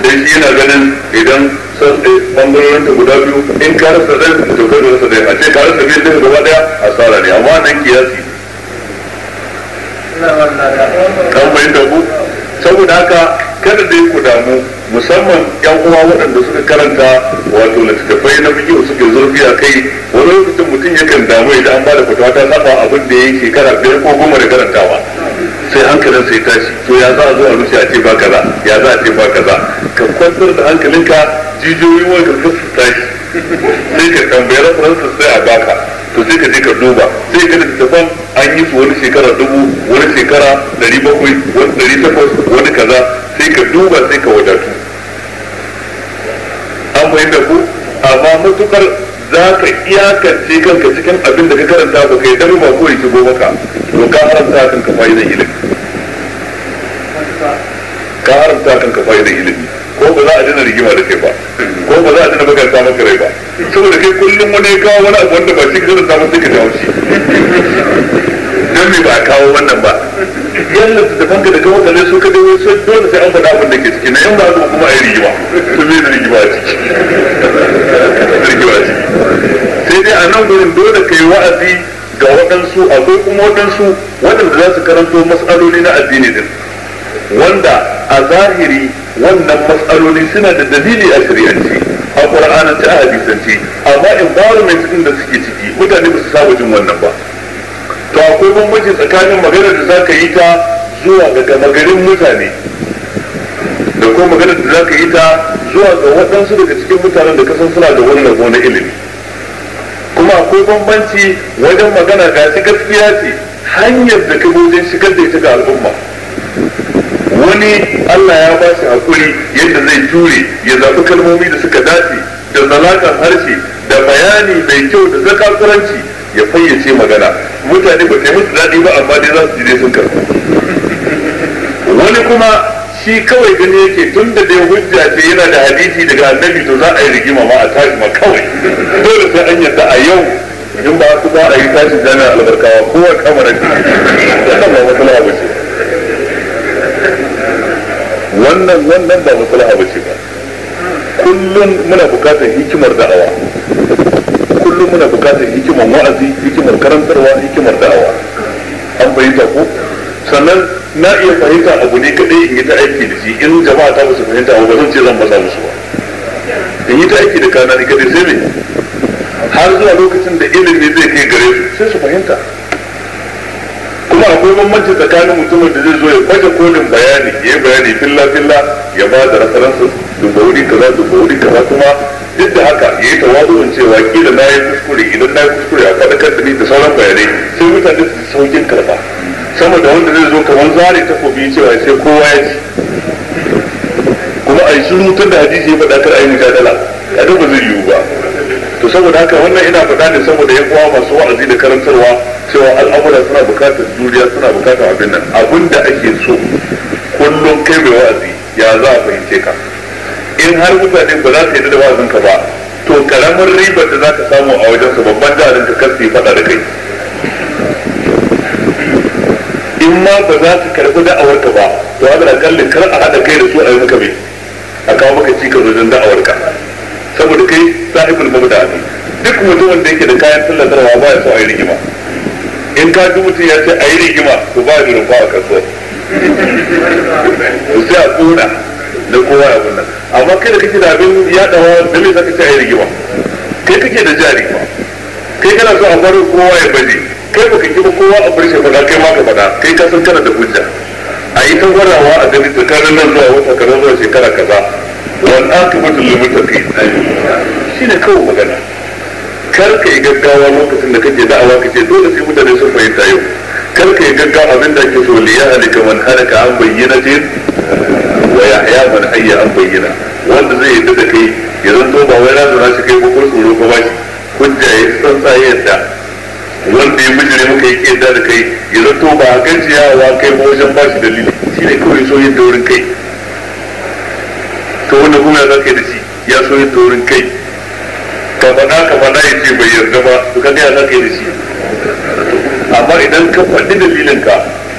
dan shi yana ganin idan san sai bangarorin ta guda biyu in ka rasa zai to da rasa zai a ce ka rasa biyu zai gaba ɗaya asara ne amma nan kiyasi kan bai da ku saboda haka kada dai ku damu musamman yan uwa waɗanda suka karanta wato littattafai na fiƙi suke zurfi a kai wani lokacin mutum yakan damu idan an bada fatawa ta saba abin da ya yi shekara biyar ko goma da karantawa sai hankalin sai tashi to ya za a zo a rushe a ce ba kaza ya za a ce ba kaza ka kwantar da hankalinka jijiyoyi wai ga su tashi sai ka tambayi referensa sai a baka to sai ka je ka duba sai ka littafan an yi su wani shekara dubu wani shekara dari bakwai wani dari takwas wani kaza sai ka duba sai ka wadatu an da ku amma matukar za ka iyakance kanka cikin abin da ka karanta ba kai dan ba ko ya shigo maka to ka haramta kanka fa'idan ilimi ka haramta kanka fa'idan ilimi ko ba za a dina rigima da kai ba ko ba za a dina baka samun kare ba saboda kai kullum wani ya kawo wani abu wanda ba shi ka zara samun suka jawo shi don me ba a kawo wannan ba yalla da fanka da kawo kare su ka dawo su dole sai an faɗa abin da ke ciki na yan ba kuma a yi rigima su me da rigima a ciki rigima a ciki sai dai a nan gurin dole kai wa'azi ga waɗansu akwai kuma waɗansu waɗanda za su karanto matsaloli na addini din wanda a zahiri wannan matsaloli suna da dalili a shari'anci a ƙur'anin a hadisanci amma in mai cikin da suke ciki mutane ba su saba jin wannan ba to akwai bambanci tsakanin maganar da zaka yi ta zuwa ga garin mutane da kuma maganar da zaka yi ta zuwa ga waɗansu daga cikin mutanen da kasan suna da wannan gona ilimi kuma akwai bambanci wajen magana ga gaskiya ce hanyar da ka wajen shigar da ita ga al'umma wani Allah ya ba shi hakuri yadda zai ture ya zaɓi kalmomi da suka dace da zalatar harshe da bayani mai kyau da zakakuranci ya fayyace magana mutane ba ta musu daɗi ba amma dai za su je sun karɓi wani kuma shi kawai gani yake tun da dai hujja ce yana da hadisi daga annabi to za a yi rigima ma a tashi ma kawai dole sai an yarda a yau in ba su ba a yi tashi jami'a albarkawa kowa kamar da ba ce wannan wannan ba maslaha ba ce ba kullum muna bukatar hikimar da'awa kullum muna bukatar hikimar wa'azi hikimar karantarwa hikimar da'awa an fahimta ko sannan na iya fahimta abu ne kadai in yi ta aiki da shi in jama'a ta musu fahimta abu ba zan ce zan masa musu ba in yi ta aiki da kana ne kadai sai ne har zuwa lokacin da ilimi zai kai gare su sai su fahimta kuma akwai bambanci tsakanin mutumin da zai zo ya kwaje kolin bayani ya yi bayani filla filla ya ba da references duba wuri kaza duba wuri kaza kuma duk da haka ya yi tawazu'un cewa kila na yi kuskure idan na yi kuskure a faɗakar kan da sauran bayanai sai mutane su saukin karɓa sama da wanda zai zo kamar zare takobi cewa sai kowa ya ci kuma a yi shiru tun da hadisi ya faɗa kar a yi mujadala kaga ba zai yiwu ba saboda haka wannan ina faɗa ne saboda ya kuwa masu wa'azi da karantarwa cewa al'amura suna bukatar juriya suna bukatar abin nan abin da ake so kullum kai mai wa'azi ya za a fahimce ka in har mutane ba za su yi da wa'azin ka ba to karamin ribar da za ka samu a wajen su babban jarin ka kar faɗa da kai in ma ba za su karɓi da'awar ka ba to haɗa da kallin kar a haɗa kai da su a yi maka mai a kawo maka cikin wajen da'awar ka saboda kai sahibul ne duk mutumin da yake da kayan tallatarwa ba ya so a yi rigima in ka ji mutum ya ce a yi rigima to ba da rumfa a kasuwar to sai a kona da kowa ya wannan amma kai da kake da abin dawa da mai zaka ce a yi rigima kai kake da jari ba kai kana so a bar kowa ya baje kai baka ki ba kowa a bar shi faɗa kai ma ka bada kai ka san kana da hujja a yi ta gwarawa a gani tsakanin nan zuwa wata kaza zuwa shekara kaza wal akibatu lil muttaqin shine kawai magana kar ka yi gaggawa lokacin da kake da'awa kace dole sai mutane sun fahimta yau kar ka yi gaggawa abin da ake so li ya halika man halaka an bayyana din wa yahya man hayya an bayyana wanda zai yi da kai ya zanto ba wai razana shi kai ko tsoro ko shi. hujja ya san yadda wanda ya bijire muka yi kiyar da kai ya zanto ba a gajiyawa kai ba wajen ba shi dalili Shi ne kawai so yin daurin kai to wannan kuma za ka yi da shi ya so yin taurin kai ka faɗa ka faɗa ya ce bai yarda ba to ka ya za ka yi da shi amma idan ka faɗi dalilinka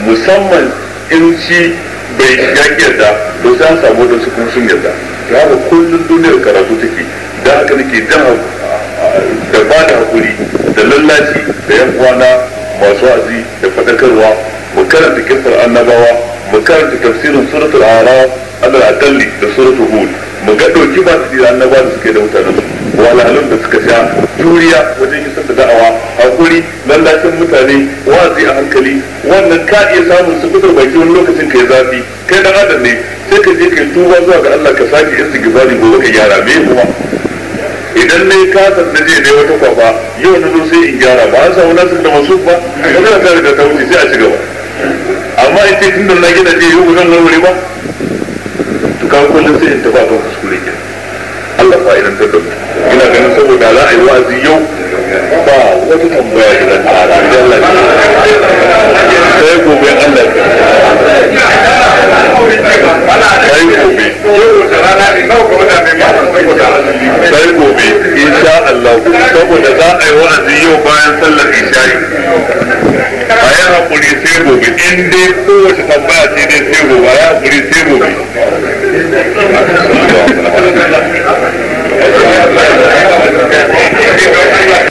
musamman in shi bai ya yarda to sai an samu su kuma sun yarda to haka kullum duniyar karatu take da haka nake jan da ba da hakuri da lallaci da yan uwana masu azi da faɗakarwa mu karanta kirtar annabawa mu karanta tafsirin suratul araf alal akalli da suratul hud mu ga dauki ba su da annaba da suke da mutanen su wahalhalun da suka sha juriya wajen isar da da'awa hakuri lallacin mutane wazi a hankali wannan ka iya samun su fitar baki wani lokacin kai zafi kai da adam sai ka je kai tuba zuwa ga Allah ka sake istighfari gobe ka gyara me kuma idan ne ka sanda je ne wata kwaba yau na zo sai in gyara ba an samu nasu da masu ba magana ta riga ta wuce sai a ci gaba amma in tun da na gina ce yi zan warware ba to kawo kullum sai in tafi a kan kuskure ke Allah fa'idan ta dauki ina ganin saboda za a yi wazi yau ba wata tambaya da zan tara da Allah sai gobe Allah ne sai gobe sai gobe Allah saboda za a yi wa'azi yau bayan sallar isha'i a yi haƙuri sai gobe in dai kowace tambaya ce dai sai gobe a yi haƙuri sai gobe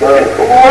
vamos.